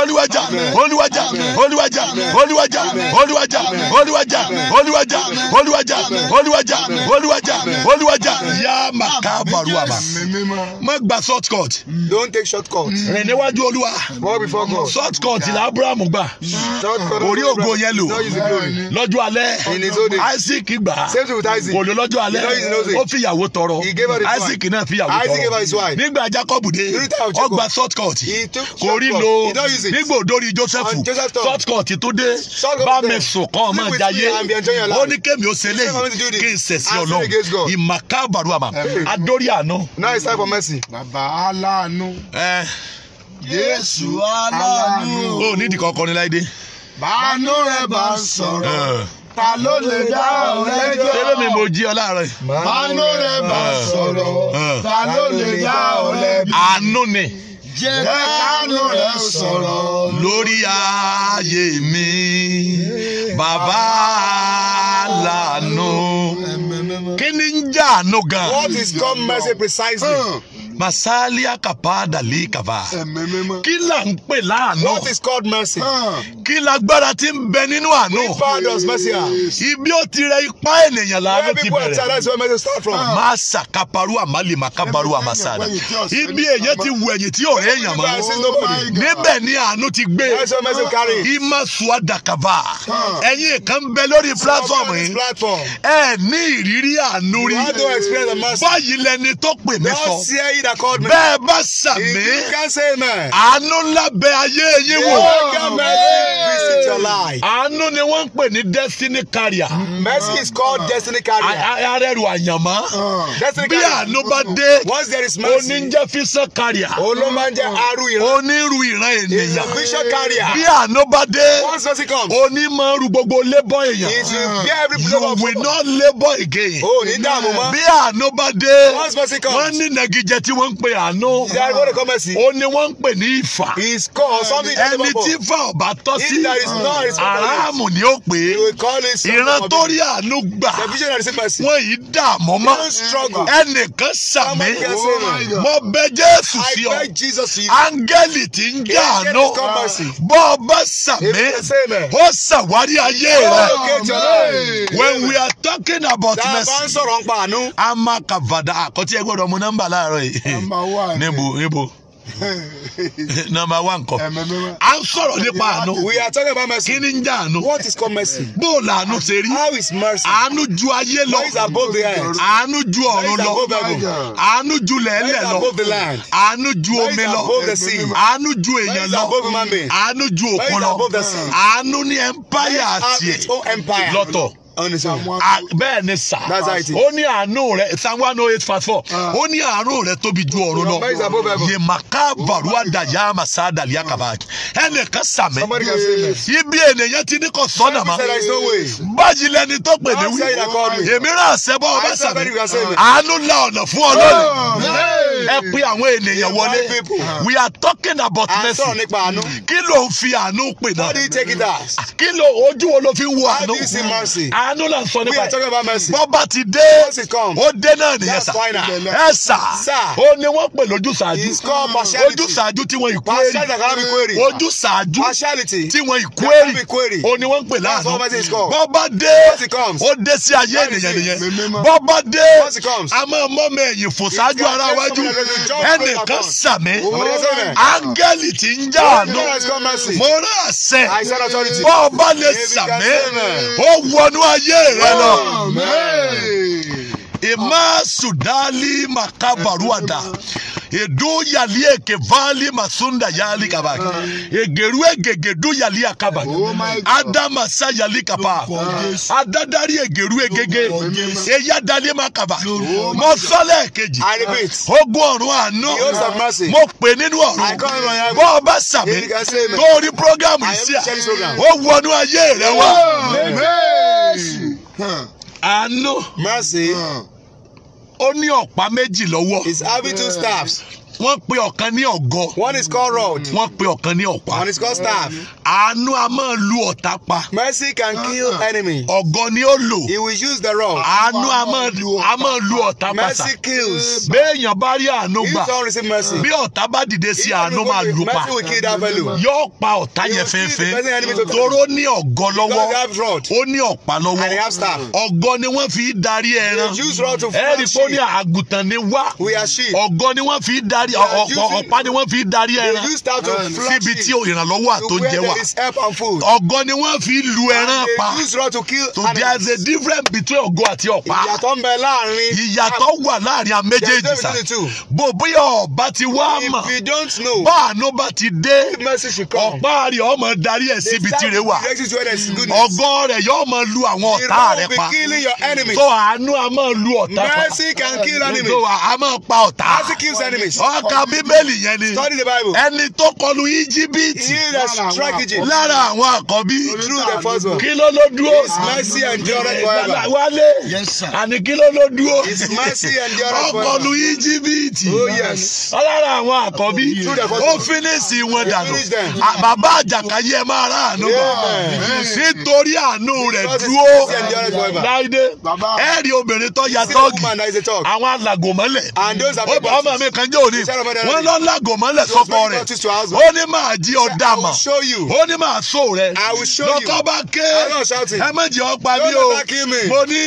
[SPEAKER 2] olúwajà olúwajà olúwajà olúwajà olúwajà olúwajà olúwajà olúwajà olúwajà olúwajà olúwajà yàmà kábàrúwàmà má gba short cut. don't take short cut. rìn níwájú olúwa short cut ilà abraham gbà orí ògo yẹn lò lọ́jọ́ alẹ́ isaac gbà kò lò lọ́jọ́ alẹ́ ó fi ìyàwó tọrọ isaac náà fi ìyàwó tọrọ nígbà jacob dé ó gba short cut kò rí lo how is it. nígbò dórí Joseph short cut tó dé bá mi sùn kọ́ ọmọ jayé ó ní kémi ó ṣe léyìí kí n ṣẹ̀ṣẹ̀ ọlọ́run ìmàkàbàrú àmà adórí àánú. now it's time for mercy. bàbá aláàánú. Jésù aláàánú. ó nídìí kan kọrin láìdé. bàánú rẹ̀ bá ń sọ̀rọ̀ ta ló lè dá ọ̀rẹ́ jọ. ṣé bẹ́ẹ̀ mi mo jí ọ láàárọ̀ yìí. bàánú rẹ̀ bá sọ̀rọ̀ ta ló lè dá ọ̀rẹ́ bí. àánú ni jẹ́ kánú rẹ sọ̀rọ̀ lórí ayé mi bàbá lànà kí ni ń jà àánú gan. what is God's message precisely. Uh. Masali kapada li kava. kí là ń pè láàánú. what is called mercy. kí lágbára tí ń bẹ nínú àánú. we found us mercy. Ah. ibi ó ti rẹ ipá ènìyàn láàánú ti bẹ̀rẹ̀. where people tell us where mercy start from. Ah. masa kaparu amali makabaru amasada. ibi èyàn ti wù ẹ̀yìn tí ò rẹ̀ èyàn mọ́. níbẹ̀ ni àánú ti gbé. ima suada kava. ẹ̀yin ah. kan bẹ lórí platform yìí. ẹ ní ìrírí àánú rí. báyìí lẹni tó pè mí sọ that called me. bẹ́ẹ̀ bá sàmì. if you can say amen. àánú ńlá bẹ ayé yín wò. your visit your life. àánú ni wọ́n ń pè ní destiny carrier. mercy is called destiny carrier. arẹ́rù àyànmọ́. Uh, destiny carrier. bí àánú bá dé. oníjẹ́ fisọ́ carrier. olóńjẹ́ mm. arú ìran. onírú ìran ènìyàn. is a fisọ́ carrier. bí àánú bá dé. once mercy comes. onímọ̀ rú gbogbo lébọ̀ èèyàn. it will be every blow you will not labour again. o oh, ní dààmú mọ́. bí àánú bá dé. once mercy comes. wọ́n ní nàgíjẹ tí wọ́n ń pè àánú. They are going to come Ó ní wọ́n ń pè ní ìfà. His call something is available. Ẹni tí ìfà ọ̀bá tọ́ sí. If there is no responsibility. Aráàmù ni ó pè é. He will call it something. Ìran tó rí àánú gbà. The vision and receive mercy. Wọ́n yìí dààmú mọ́. They don't struggle. Ẹnìkan sàmì. Oh Mo bẹ̀ Jésù sí ọ. I beg Jesus to you. Áńgẹ́lì tí ń jà àánú. Bọ́ ọ bá sàmì. Ó ṣàwárí ayé oh, rẹ̀. When we are talking about mercy. Tá a ń sọ̀rọ̀ ń pa àánú. A máa kàvàdà àkọ́tí ẹgbẹ́ ọ̀dọ́ ọmọ nọ́mbà láàárọ̀ yìí. Number one, <laughs> number one kọ à ń sọ̀rọ̀ nípa àánú we are talking about mercy kí ni ń jẹ́ àánú what is called mercy bó o la àánú ṣe rí how is mercy àánú ju ayé lọ àánú ju ọ̀run lọ àánú ju lẹ́lẹ̀ lọ àánú ju omi lọ àánú ju èèyàn lọ àánú ju òkun lọ àánú ní empire tiẹ̀ lọ́tọ̀. Ah, bẹ́ẹ̀ ni sà ó ní àánú rẹ psalm one oh eight verse four ah. ó ní àánú rẹ tóbi ju ọ̀run lọ yèmàká bàrúwà dàyà àmàsà dàlíà kàbàkì ẹnìkan sàmẹ ibi ènìyàn ti ní kò sọ́nà ma bájì lẹni tó pè mí wí èmi rà sẹ́bọ̀ ọba sàmẹ àánú la ọ̀nà fún ọlọ́run. Oh, ẹ àwọn ènìyàn wọlé uh-huh. we are talking about mercy kí ló ń fi àánú pè náà ah, kí ló ojú wo ló fi wo àánú àánú là ń sọ nípa ẹ bọ́ba ti dé ó dé náà nìyẹn sà ẹ sà ó ní wọ́n pè lójú sàájú ojú sàájú tí wọ́n ìkúérì ojú sàájú tí wọ́n ìkúérì ó ní wọ́n pè láàánú bọ́ba dé ó dé sí ayé ènìyàn nìyẹn bọ́ba dé a máa mọ́ mẹ́yìn fò ṣáájú ara wájú ẹnìkan sàmì oh, áńgẹ́lì tí ń jà àánú oh, mo rán àṣẹ bọ́ọ̀bá lè sàmì ó wọnú ayé rẹ lọ ìmọ̀ sùdálì màkàbàrúwàdà edu yali ekevali masunda yali kabaki egeru egegedu yali akabaki oh adamasa yali kapa adadari egeru egege eyadali makaba mọ́sálẹ̀ kejì ogun ọ̀run àná mo pè nínú ọ̀run bọ́ ọ bá sàmì tó orí prógámù yìí sí à ó ayé rẹ wá. àánú ó ní ọ̀pá méjì lọ́wọ́. he's having two staffs wọ́n pe ọ̀kan ní ọ̀gọ. one is called rod. wọ́n pe ọ̀kan ní ọ̀pá. one is called staff. àánú a máa lu ọ̀tá pa. mercy can ah, kill ah. enemy. ọ̀gọ ni ó lò. he will use the rod. àánú a máa lu ọ̀tá pàṣà. mercy kills. béèyàn bá rí àánú gbà. you don't receive mercy. bí ọ̀tá bá dìde sí àánú máa lu pa. mercy will kill that fellow. yóò pa ọ̀tá yẹn fẹ́ẹ́fẹ́. toró ní ọ̀gọ lọ́wọ́. ó ní ọ̀pá lọ́wọ́. and staff. ọ̀gọ ni wọ́n fi darí ẹran. he will use rod to farm sheep. ẹ̀rí pé ó ní àgùntàn ni wá. we are sheep. ọ̀gọ ni wọ́n fi darí darí ọ̀pá ni wọ́n fi darí ẹran síbi tí ìrànlọ́wọ́ àtúnjẹ wà ọ̀gọ́ ni wọ́n fi lu ẹran pa so there is a difference between ọ̀gọ́ àti ọ̀pá ìyàtọ̀ wà láàrin àméjèèjì sá bó bóyá ọ̀bá ti wá mọ̀ bá àánú bá ti dé ọ̀pá rẹ̀ ọmọ darí ẹ̀ síbi tí rẹ̀ wà ọ̀gọ́ rẹ̀ yóò mọ lu àwọn ọ̀tá rẹ̀ pa so àánú a máa lu ọ̀tá pa so a máa pa ọ̀tá máa ka bíbélì yẹn ni ẹni tó kọlu íjíbítì lára àwọn àkọ́bí kí ló ló dúró wálé àní kí ló ló dúró ó kọlu íjíbítì oh, lára àwọn àkọ́bí ó fínísì wọn dànù bàbá àjàkáyé ẹ máa rà àánú nítorí àánú rẹ̀ dúró láìdé ẹ̀rí obìnrin tó ya tọ́ọ̀gì àwọn alàgòmọ́lẹ̀ ọmọ mi kan jẹ́ òní wọ́n lọ lágò mọ́lẹ̀ sọ́kọ rẹ̀ ó ní máa jí ọ dà mà ó ní máa sọ rẹ̀ lọ́kọ́ bá ké ẹ má jẹ́ ọgbà mi o mo ní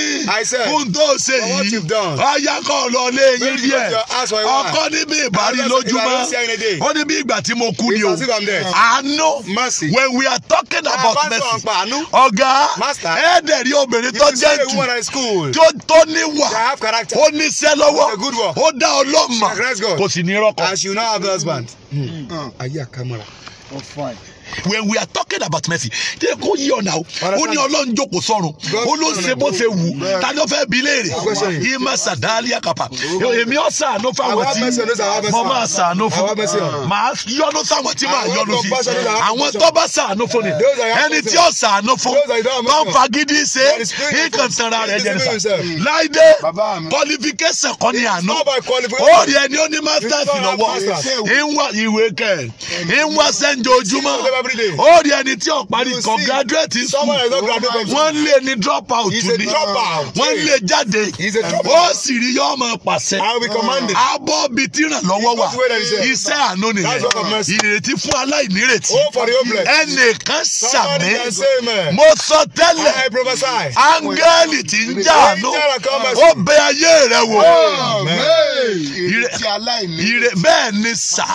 [SPEAKER 2] fún tó ṣe yìí ọ̀yá kọ́ lọ lé eyín díẹ̀ ọkọ níbi ìbárí lójúmọ́ ó ní ìgbà tí mo kú ni o àánú when we are talking ah, about mercy ọ̀gá ẹ̀ẹ́dẹ̀rí obìnrin tó jẹ́ jù tó níwà ó níṣẹ́ lọ́wọ́ ó dá ọlọ́mà kò sì ní ní rọkọ. as you know have husband. Hmm. Hmm. ayé oh, fine when we are talking about mercy ṣé kò yí ọ̀nà o ó ní ọlọ́run jókòó sọ́run ó ló ń ṣe bó ṣe wù ta ló fẹ́ bi léèrè ìmọ̀ sàdáàlì àkàpà èmi ọ̀ sàánú fáwọn tí mo máa sàánú fún màá yọnu sáwọn tí màá yọnu sí àwọn tó bá sàánú fún ni ẹni tí ó sàánú fún tó ń fagídí ṣe nǹkan sanra rẹ̀ jẹ́ nípa láìdé qualification kan ní àná ó rí ẹni ó ní masters lọ́wọ́ ìwé kẹ̀ ìwọ́sẹ̀ ń jojúmọ́ every day. ó rí ẹni tí ó parí graduate graduate school wọ́n lé ní drop out ni wọ́n lé jáde ó sì rí yọ́ ọmọ pàṣẹ abọ́ bi tí ràn lọ́wọ́ wa iṣẹ́ àánú nìyẹn ìrètí fún aláìnírètí ẹnìkan ṣàmì mo sọ tẹ́lẹ̀ áńgẹ́lì tí ń jà àánú ó bẹ ayé rẹ wò bẹ́ẹ̀ ni sà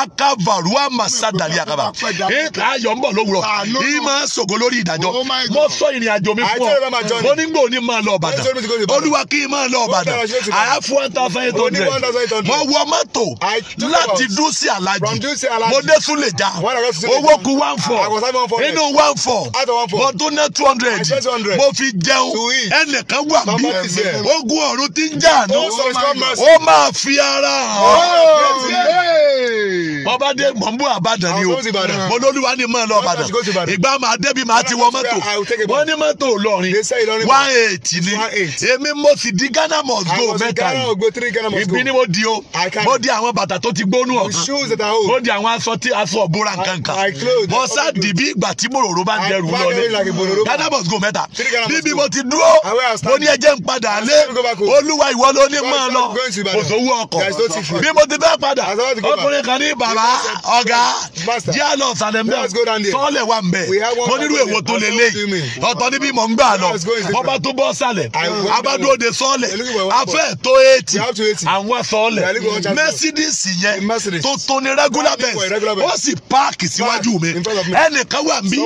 [SPEAKER 2] ákàbàrú àmàṣà dàrí àkàbà ètò ayọ̀ ń bọ̀ lówùrọ̀ yìí máa sògo lórí ìdájọ́ oh mo sọ ìrìn àjò mi fún ọ mo ní gbò ní máa lọ Ìbàdàn olúwa kí n máa lọ Ìbàdàn àyàfọ ẹntàfẹ ètò rẹ mo wọ mọ́tò láti dún sí alájì mo dé sún lè já owó kù one four inú one four mo tún ná two hundred mo fi jẹun ẹnìkan wà bí ogun ọ̀run ti ń jà ní ó máa fi ara hàn. Oh, mo bá dé mọ̀ àbàdàn ni o mo lóluwa ni mọ̀ ń lọ àbàdàn ìgbà máa débi máa ti wọ mọ́tò wọ́n ní mọ́tò lọ́rin one eight ni èmi mo sì di Ghana must go mẹ́ta yìí ibi ni mo di o mo di àwọn bàtà tó ti gbónú ọ̀kan mo di àwọn aṣọ tí aṣọ ọ̀bùra nkankan mo sá dìbí ìgbà tí bòròró bá dẹrù lọlé Ghana must go mẹ́ta níbi mo ti dúró mo ní ẹjẹ́ ń padà lé olúwa ìwọ ló ní mọ́ ọ lọ kò sówó ọkọ̀ bí mo ti bẹ́ẹ̀ padà ọkùnrin kan ní ìbà bàbá ọ̀gá díàlọ́ sàlẹ̀ mbẹ́ sọ́ọ̀lẹ̀ wà mbẹ́ mo nírú èwo tó lélẹ̀ ọ̀tọ̀ níbi mọ̀ ń gbà lọ wọ́n bá tó bọ́ sàlẹ̀ abádúróde sọ́ọ̀lẹ̀ afẹ́ tó eighty àwọn sọ́ọ̀lẹ̀ mercedes yẹn tó tó ní regular bẹ́ẹ̀ ó sì páàkì síwájú mi ẹnìkan wà mí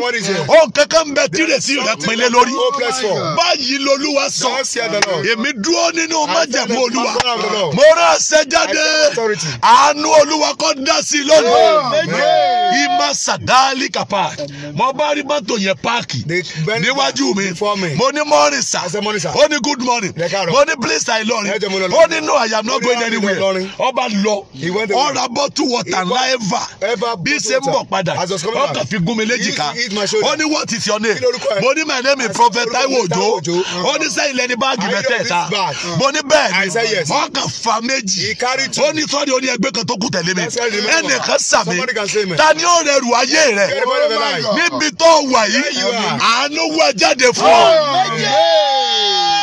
[SPEAKER 2] ó kankan bẹ tírèsí rẹ pinne lórí oh, báyìí lolúwa sọ èmi dúró nínú májẹ̀mú olúwa mo rán ẹsẹ̀ àánú olúwa kọ́ dá sí sí lónìí ìmọ̀ sàdáàlì kàpá mo bá rí mọ́tò yẹn páàkì níwájú mi mo ní morning sir ó ní good morning mo ní please sir Ìlọrin ó ní no I am not going anywhere ọba lọ ọ̀rà bọ́tù wọ̀tà ńlá ẹ̀fà bí ṣe ń bọ̀ padà ọkàn fi gún mi léjìká ó ní what is your name mo ní my name is prophet Taiwo Ojo ó ní sẹ́yìn lẹ́ni báàgì mẹ́tẹ̀ẹ̀ta mo ní bẹ́ẹ̀ ni ọkàn fa méjì ó ní sọ́ọ́ni ó ní ẹgbẹ́ kan tó kù tẹ̀lé mi ẹ ẹnìkan sàmì ta ni ó rẹrù ayé rẹ níbi tó wà yìí àánú wá jáde fún ọ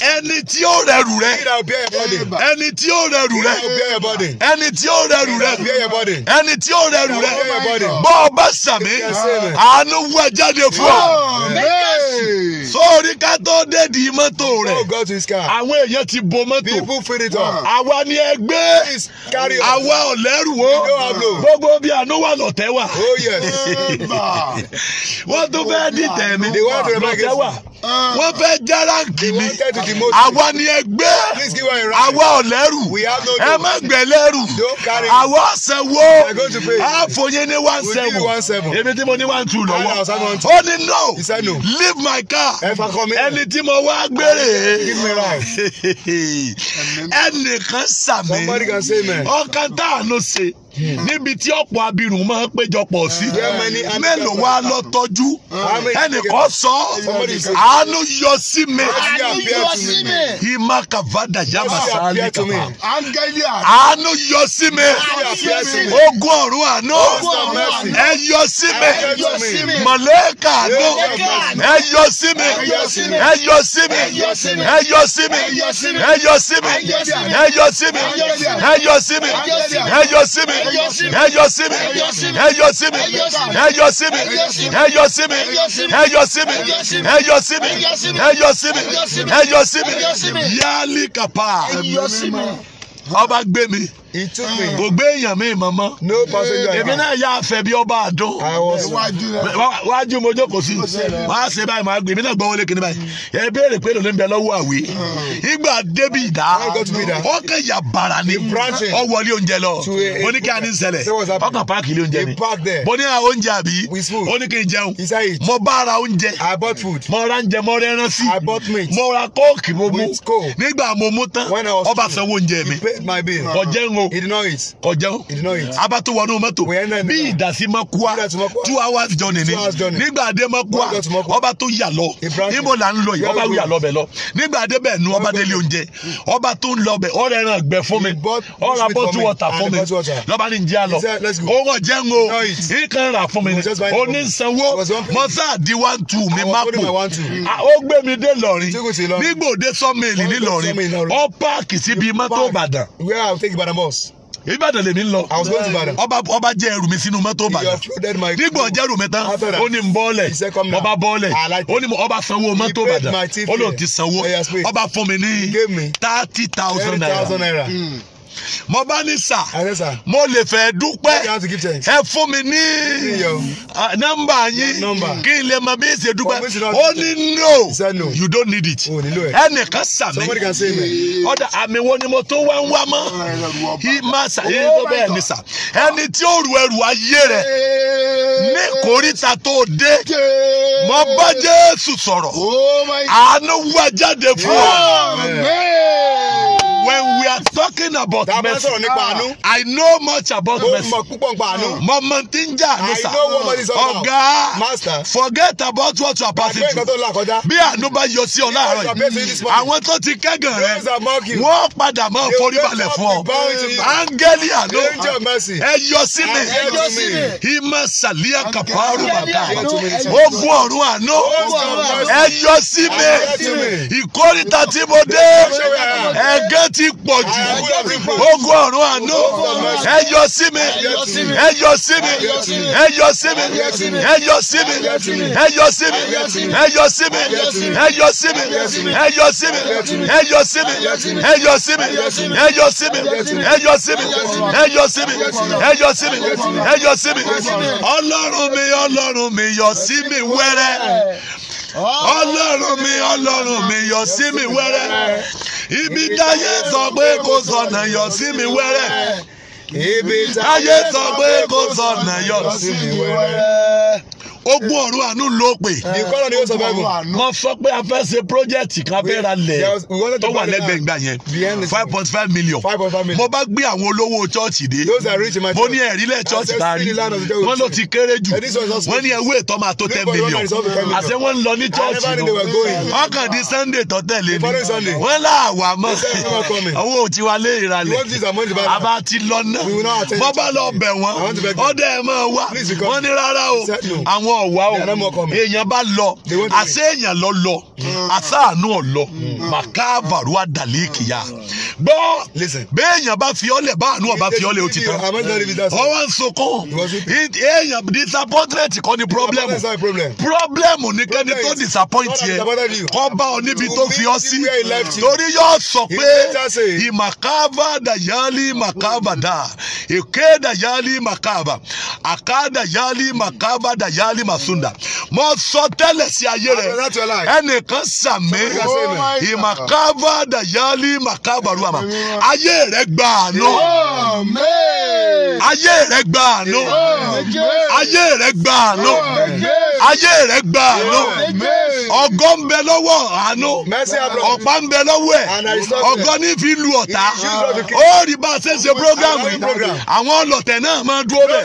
[SPEAKER 2] ẹni tí ó rẹrù rẹ ẹni tí ó rẹrù rẹ ẹni tí ó rẹrù rẹ ẹni tí ó rẹrù rẹ bọ́ ọ bá sàmì àánú wá de fún ọ sórí ká tó dédi mọ́tò rẹ̀ oh, àwọn èèyàn ti bo mọ́tò àwa ni ẹ gbé àwa ọ̀lẹ́rù o gbogbo bí àánú wà lọ́tẹ̀ wà oh, wọ́n tún fẹ́ dìtẹ̀ mi lọ́tẹ̀ wà wọ́n fẹ́ jára kìíní àwa ni ẹgbẹ́ àwa ọ̀lẹ́rù ẹ má gbẹ̀lẹ́rù àwa ọ̀sẹ̀wó àfòyín ní one seven èmi tí mo ní one two lọ́wọ́ ó ní no leave my car ẹni tí mo wá gbére <laughs> ẹnìkan sàmì ọkàn tá à ń lọ sí níbi tí ọ̀pọ̀ abirùn máa ń péjọpọ̀ sí mélòó wa lọ tọ́jú ẹnìkan sọ àánú yọ sí mi ìmọ̀ kàvádà yàmà sáálì kàmá àánú yọ sí mi ogun ọ̀run àánú ẹ yọ sí mi mọ̀lẹ́kà àánú ẹ yọ sí mi ẹ yọ sí mi ẹ yọ sí mi ẹ yọ sí mi ẹ yọ sí mi ẹ yọ sí mi ẹ yọ sí mi ẹyọ sí mi ẹyọ sí mi ẹyọ sí mi ẹyọ sí mi ẹyọ sí mi ẹyọ sí mi ẹyọ sí mi ẹyọ sí mi yálì kàpá ọba gbé mi. Ah. kò gbé èèyàn mi mọ́mọ́ èmi náà yà fẹ́ bí ọba àdó wájú mo jókòó sí wàá ṣe báyìí màá gbé èmi náà gbọ́ wọlé kìnìún báyìí ẹ béèrè pé lòlẹ́ ń bẹ lọ́wọ́ àwé ah. ìgbà débi ìdá ọkẹ́ yà bàrà ni ọwọ́ ilé oúnjẹ lọ mo ní kí a ní ṣẹlẹ̀ ọkàn páàkì ilé oúnjẹ ni mo ní àwọn ah, oúnjẹ àbí ó ní kí n jẹun mo bá ara oúnjẹ mo ra oúnjẹ mo rẹ ẹran sí mo ra kóòkì mo mú nígbà mo mú tán ọba sanwó oúnjẹ mi kò jẹun mu. he did not eat. kọjá he did not eat. a bá tó wọnú mọ́tò bí ìdásí Mọ́kúà two hours journey ni nígbà dé Mọ́kúà ọba tó yà lọ ibo là ń lọ yìí ọba yà lọ bẹ̀ lọ nígbà dé bẹ̀ nu ọba délé oúnjẹ ọba tó ń lọ bẹ̀ ọ̀rẹ́ ẹran gbẹ fún mi ọ̀rẹ́ bọ́tú wọ̀tà fún mi lọ́ba ní jẹ́ àlọ́ owó jẹun o ìkan rà fún mi onísanwó mọ́sáàdì one two mi má pò ah, ó gbé mi dé Ìlọrin nígbò dé sọ́mẹ̀lì ní Ìlọrin ó páàkì síbi mọ́tò Ìbàdàn. where i take Ìbàdàn bọ̀. Lagos. Ìbàdàn lèmi ń lọ. I was going to Ìbàdàn. Ọba ọba jẹ́ ẹrù mi sínú mọ́tò Ìbàdàn. Nígbà ọjẹ́ ẹrù mi tán, ó ní n bọ́ọ̀lẹ̀, ọba bọ́ọ̀lẹ̀, ó ní ọba sanwó mọ́tò Ìbàdàn, ó lóun ti sanwó, oh, ọba fún mi ní thirty thousand naira. Hmm mo bá ní sà mo lè fẹ́ dúpẹ́ ẹ fún mi ní nọ́mbà yín kí n lè mọ bí ṣe dúpẹ́ ó ní no you don't need it ẹnìkan sà mí ọ̀dà àmì wo ni mo tó wá ń wá mọ́ ìmọ̀ sà yín tó bẹ́ẹ̀ ní sà ẹni tí ó rù ẹrù ayé rẹ̀ ní kòríta tó dé mo bá Jésù sọ̀rọ̀ oh àánú wá jáde fún ọ something about mercy. Ah. I know much about mercy. Mo mọ tí ń jà àánú sá. Ọ̀gá forget about what you are passing through. Bí àánú bá yọ sí ọ láàárọ̀ yìí, àwọn tó ti kẹ́gàn rẹ̀, wọ́n padà máa forí balẹ̀ fún ọ. Áńgẹ́lì àánú, ẹ yọ sílẹ̀. Ìmọ̀ sàlíà kàpárù bàbá. Ogun ọ̀run àánú, ẹ yọ sí mi. Ìkórìtà tí mo dé, ẹ̀gẹ́ ti pọ̀ jù ogun ọ̀run àánú ẹ yọ sí mi ẹ yọ sí mi ẹ yọ sí mi ẹ yọ sí mi ẹ yọ sí mi ẹ yọ sí mi ẹ yọ sí mi ẹ yọ sí mi ẹ yọ sí mi ẹ yọ sí mi ẹ yọ sí mi ẹ yọ sí mi ẹ yọ sí mi ẹ yọ sí mi ẹ yọ sí mi ọlọ́run mi ọlọ́run mi yọ sí mi wẹ́rẹ́ ọlọ́run mi ọlọ́run mi yọ sí mi wẹ́rẹ́ ibi táyé sọ pé kò sọ̀nà yọ sí mi wẹ́rẹ́ ibi táyé sọ pé kò sọ̀nà yọ sí mi wẹ́rẹ́ ogun ọ̀run àánú ló pè. the ni ó sọ fẹ́ mu. mo fọ pé a fẹ́ ṣe project kan lẹ̀ tó wà lẹ́gbẹ̀ẹ́ ìgbà yẹn five point five million. mo bá gbé àwọn olówó chọ́ọ̀chì dé. mo ní ẹ̀rí lẹ̀ chọ́ọ̀chì ta rí wọ́n ló ti kéré jù wọ́n ní ẹwé ìtọ́ máa tó ten million. àṣẹ wọ́n ń lọ ní chọ́ọ̀chì nù. ọkàn di sunday tó tẹ̀lé ni wọ́n là wà mọ́ owó tí wà lé ìralẹ̀ àbá ti lọ náà bọ́ bá lọ bẹ̀ wọ́n ọdẹ ẹ̀ máa wá wọ́n ní rárá o àwọn wọn o èèyàn bá lọ àṣẹ èèyàn lọ lọ mm. àṣàánú ọ̀lọ́ mm. màkàbàrú àdàlẹ́kìyà mm. gbọ́ béèyàn bá fi ọ́lẹ̀ báànú ọba fi ọ́lẹ̀ ó ti tán èèyàn disappointment kọ́ ni problem problem ni kẹ́ni tó disappoint yẹ kọ́ bá ọ níbi tó fi ọ sí torí yóò sọ pé ìmàkàbà dàyálì màkàbà dà èké dàyálì màkàbà àká dàyálì màkàbà dàyálì masunda mo sọ tẹ́lẹ̀ sí ayé rẹ ẹnìkan sàmì ìmàkàbà dàyálì màkàbà ruwama ayé rẹ gbà àánú ayé rẹ gbà àánú ayé rẹ gbà àánú ayé rẹ gbà àánú ọgọ́ ń bẹ lọ́wọ́ àánú ọ̀pá ń bẹ lọ́wọ́ ẹ̀ ọgọ́ ní fi lu ọ̀tá ó rí bá a ṣe ṣe program yìí àwọn ọlọ́tẹ̀ náà máa dúró bẹ̀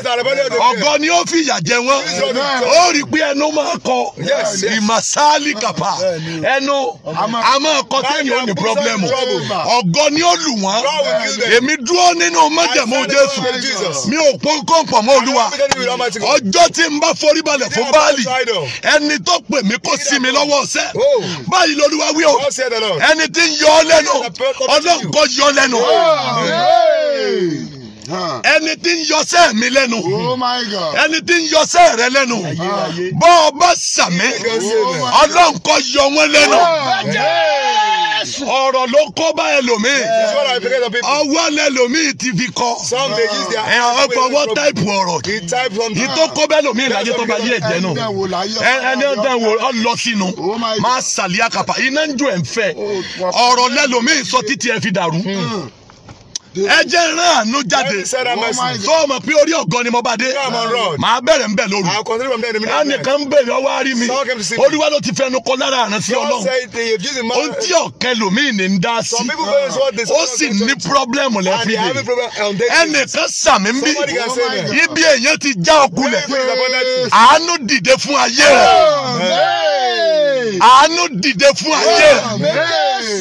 [SPEAKER 2] ọgọ́ ni ó fìyà jẹ wọ́n ó rí i pé ẹnu máa kọ ìmọ̀sáálì kàpá ẹnu a máa kọ téèyàn ó ní pírọ́blẹ́mù ọ̀gọ́ ni ó lù wọ́n èmi dúró nínú májẹ̀mú Jésù mi ò pọ́n kọ́ńpọ̀ mọ́ Olúwa ọjọ́ tí n bá forí balẹ̀ fún Báàlì ẹni tó pè mí kó sí mi lọ́wọ́ ọ̀sẹ́ oh. báyìí lolúwa wí o ẹni tí ń yọ ọ lẹ́nu ọlọ́run yọ ọ lẹ́nu ẹni tí ń yọsẹ́ mi lẹ́nu oh ẹni tí ń yọsẹ́ rẹ lẹ́nu bọ́ ọ bá sàmì oh ọlọ́run kọ́ yọ wọ́n lẹ́nu oh, ọ̀rọ̀ ló kọ́ bá ẹlòmíì ọwọ́ lẹlòmíì ti fi kọ́ ẹ ọgbọ̀wọ́ táìpù ọ̀rọ̀ yìí tó kọ́ bá ẹlòmíì láyé tó bá yé ẹ̀jẹ̀ náà ẹni ọ̀dọ̀ wo ọ lọ sínú máa sàlíyà kàpà iná ń jó ẹ̀ ń fẹ́ ọ̀rọ̀ lẹlòmíì sọ títí ẹ fi dàrú. Hmm ẹ jẹ́ ìran àánú jáde sọ oh ma pé orí ọ̀gọ́ ni mo bá dé màá bẹ̀rẹ̀ nbẹ̀ lóru ẹnìkan bẹ̀rẹ̀ ọwọ́ àárí mi olúwa ló ti fẹnu kọ lára àrùn sí ọlọ́run ó ti ọ̀kẹ́ lòmíì ní ń dá sí ó sì ní pírọ́blẹ́mù lẹ́fí de ẹnìkan sàmì ń bí ibi èèyàn ti já ọkùnrin àánú dìde fún ayé rẹ àánú dìde fún ayé rẹ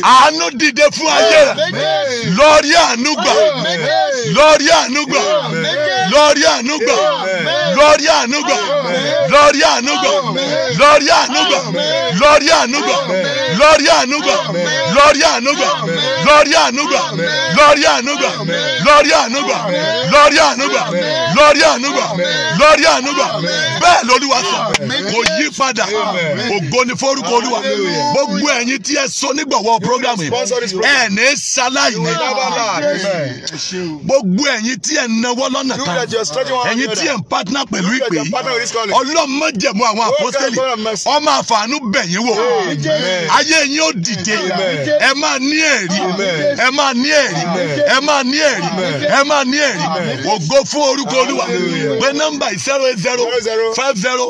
[SPEAKER 2] àánú dìde fún ayé rẹ lọ́ọ̀rí àánú gbà lọ́ọ̀rí àánú gbà lọ́ọ̀rí àánú gbà lọ́rí àánú gbà lọ́rí àánú gbà lọ́rí àánú gbà lọ́rí àánú gbà lọ́rí àánú gbà lọ́rí àánú gbà lọ́rí àánú gbà lọ́rí àánú gbà lọ́rí àánú gbà lọ́rí àánú gbà lọ́rí àánú gbà lọ́rí àánú gbà bẹ́ẹ̀ lolúwa sọ kò yí padà ògo ni forúkọ olúwa gbogbo ẹ̀yin tí ẹ so nígbàwọ́ programu yìí ẹ̀ ní sáláì ní gbogbo ẹ̀yin tí ẹ náwó lọ́nà kan ẹ̀yin tí ẹ ń partner pẹ̀lú ìpè yìí ọlọ́run má jẹ̀mú àwọn àpọ́sẹ́lì oh, ọmọ àfààní bẹ̀yìn wò ayé yín ó dìde ẹ máa ní ẹ̀rí ẹ máa ní ẹ̀rí ẹ máa ní ẹ̀rí ẹ máa ní ẹ̀rí ògo fún orúkọ olúwa pé nọ́mbà yìí zero eight zero five zero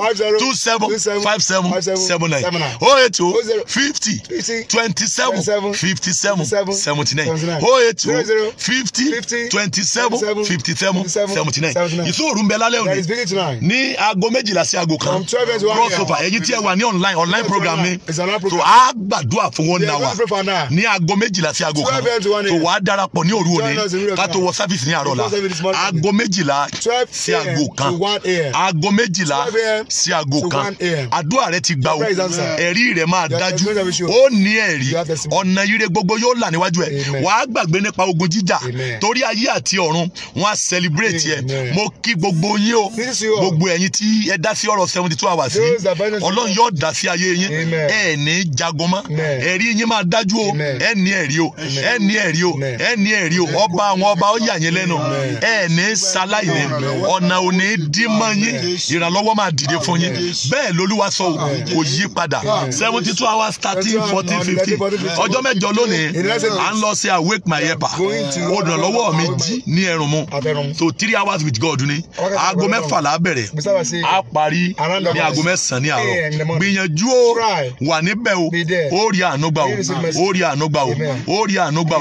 [SPEAKER 2] two seven five seven seven nine oh eight oh fifty twenty seven fifty seven seventy nine oh eight oh, oh fifty twenty seven fifty seven seventy nine ìṣòro ń bẹ lálẹ́ òní three to nine. ní aago méjìlá sí aago kan. from twelve to one cross over ẹ̀yin tí ẹ wà ní online online program ni. it's another program. so a gbàdúrà fún wọn náà wa ní aago méjìlá sí aago kan. twelve to one a.m. so wàá darapọ̀ ní òru òní ká tó wọ service ní àárọ̀ la aago méjìlá sí aago kan aago méjìlá sí aago kan àdúrà rẹ ti gbà o ẹ̀rí rẹ máa dájú ó ní ẹ̀rí ọ̀nà ire gbogbo yóò là níwájú ẹ̀ wàá gbàgbé nípa ogun jíjà torí ayé àti ọ̀run wọn á celebrate yẹ mo kí gbogbo yín o gbogbo ẹ̀yin tí ẹ dá sí ọ̀rọ̀ seventy two hours yìí ọlọ́run yóò dá sí ayé yín ẹ ní jagun mọ́ ẹ̀rí yín máa dájú o ẹ ní ẹ̀rí o ẹ ní ẹ̀rí o ẹ ní ẹ̀rí o ọba àwọn ọba ó yà yín lẹ́nu ẹ ní ṣaláìní ọ̀nà ò ní dí mọ́ yín ìrànlọ́wọ́ máa dìde fún yín bẹ́ẹ̀ lolúwa sọ o kò yí padà seventy two hours thirteen fourteen fifteen ọjọ́ mẹ́jọ lónìí à ń lọ sí awake my helper olùrànlọ́wọ́ mi jí ní ẹ̀rùn mu to three hours with God ni aago mẹ́fà mọ́kànlá bẹ̀rẹ̀ á parí ní aago mẹ́sàn ní àárọ̀ gbìyànjú o wà níbẹ̀ o ó rí àánú o ó rí àánú o ó rí àánú o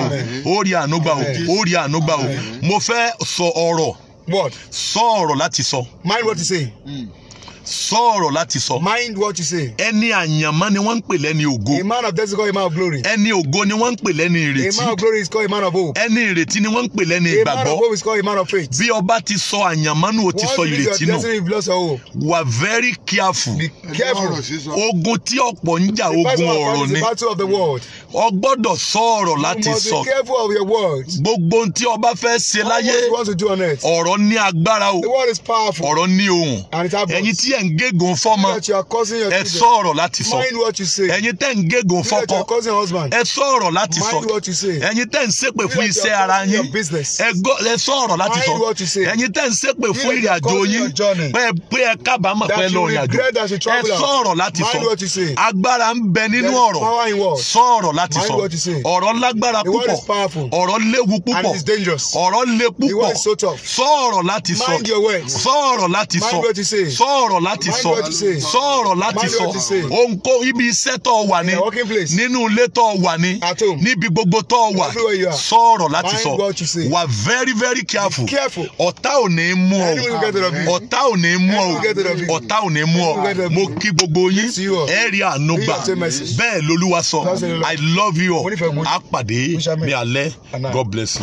[SPEAKER 2] ó rí àánú o ó rí àánú o mo fẹ́ sọ ọ̀rọ̀ sọ ọ̀rọ̀ láti sọ. mind what you say. Mm sọ̀rọ̀ láti sọ. mind what you say. ẹni àyànmọ́ ni wọ́n ń pè lẹ́ni ògo. a man of death is called a man of glory. ẹni ògo ni wọ́n ń pè lẹ́ni ìrètí. a man of glory is called a man of hope. ẹni ìrètí ni wọ́n ń pè lẹ́ni ìgbàgbọ́. a man of hope is called a man of faith. bí ọba ti sọ àyànmọ́ nù o ti sọ ìrètí nù. once you lose your destiny you lose your hope. wà very careful. be careful. ogun tí ọ̀pọ̀ ń jà ogun ọ̀rọ̀ ni. the battle of the world. o gbọ́dọ̀ sọ̀rọ̀ láti sọ. you be careful of your words. gbogbo tí ọba fẹ́ ṣe láyé ọ̀rọ̀ ní agbára o ọ̀rọ̀ ní ohùn ẹ̀yin tí tí ẹ̀ ń gégùn fọ́mọ ẹ sọ̀rọ̀ láti sọ ẹ̀yin tẹ́ ń gégùn fọ́kọ ẹ sọ̀rọ̀ láti sọ ẹ̀yin tẹ́ ń ṣépè fún iṣẹ́ ara yín ẹ sọ̀rọ̀ láti sọ ẹ̀yin tẹ́ ń ṣépè fún ìrìn àjò yín pé ẹ kábàámọ̀ pé ẹ lọ ìrìn àjò ẹ sọ̀rọ̀ láti sọ agbára ń bẹ nínú ọ̀rọ̀ sọ̀rọ̀ láti sọ ọ̀rọ̀ lágbára púpọ̀ ọ̀rọ̀ léwu púpọ̀ ọ̀rọ̀ le púpọ̀ sọ̀rọ̀ láti sọ sọ̀rọ̀ láti sọ sọ̀rọ̀ ọ̀rọ̀ láti sọ sọ ọ̀rọ̀ láti sọ ònkó ibi iṣẹ́ tó wà ní nínú ilé tó wà ní níbi gbogbo tó wà sọ ọ̀rọ̀ láti sọ wà very very careful ọ̀tá ò ní mú ọ ọ̀tá ò ní mú ọ ọ̀tá ò ní mú ọ mo kí gbogbo yín ẹ rí àánú gbà lolúwa sọ I love you all a pàdé ní alẹ́ God bless you.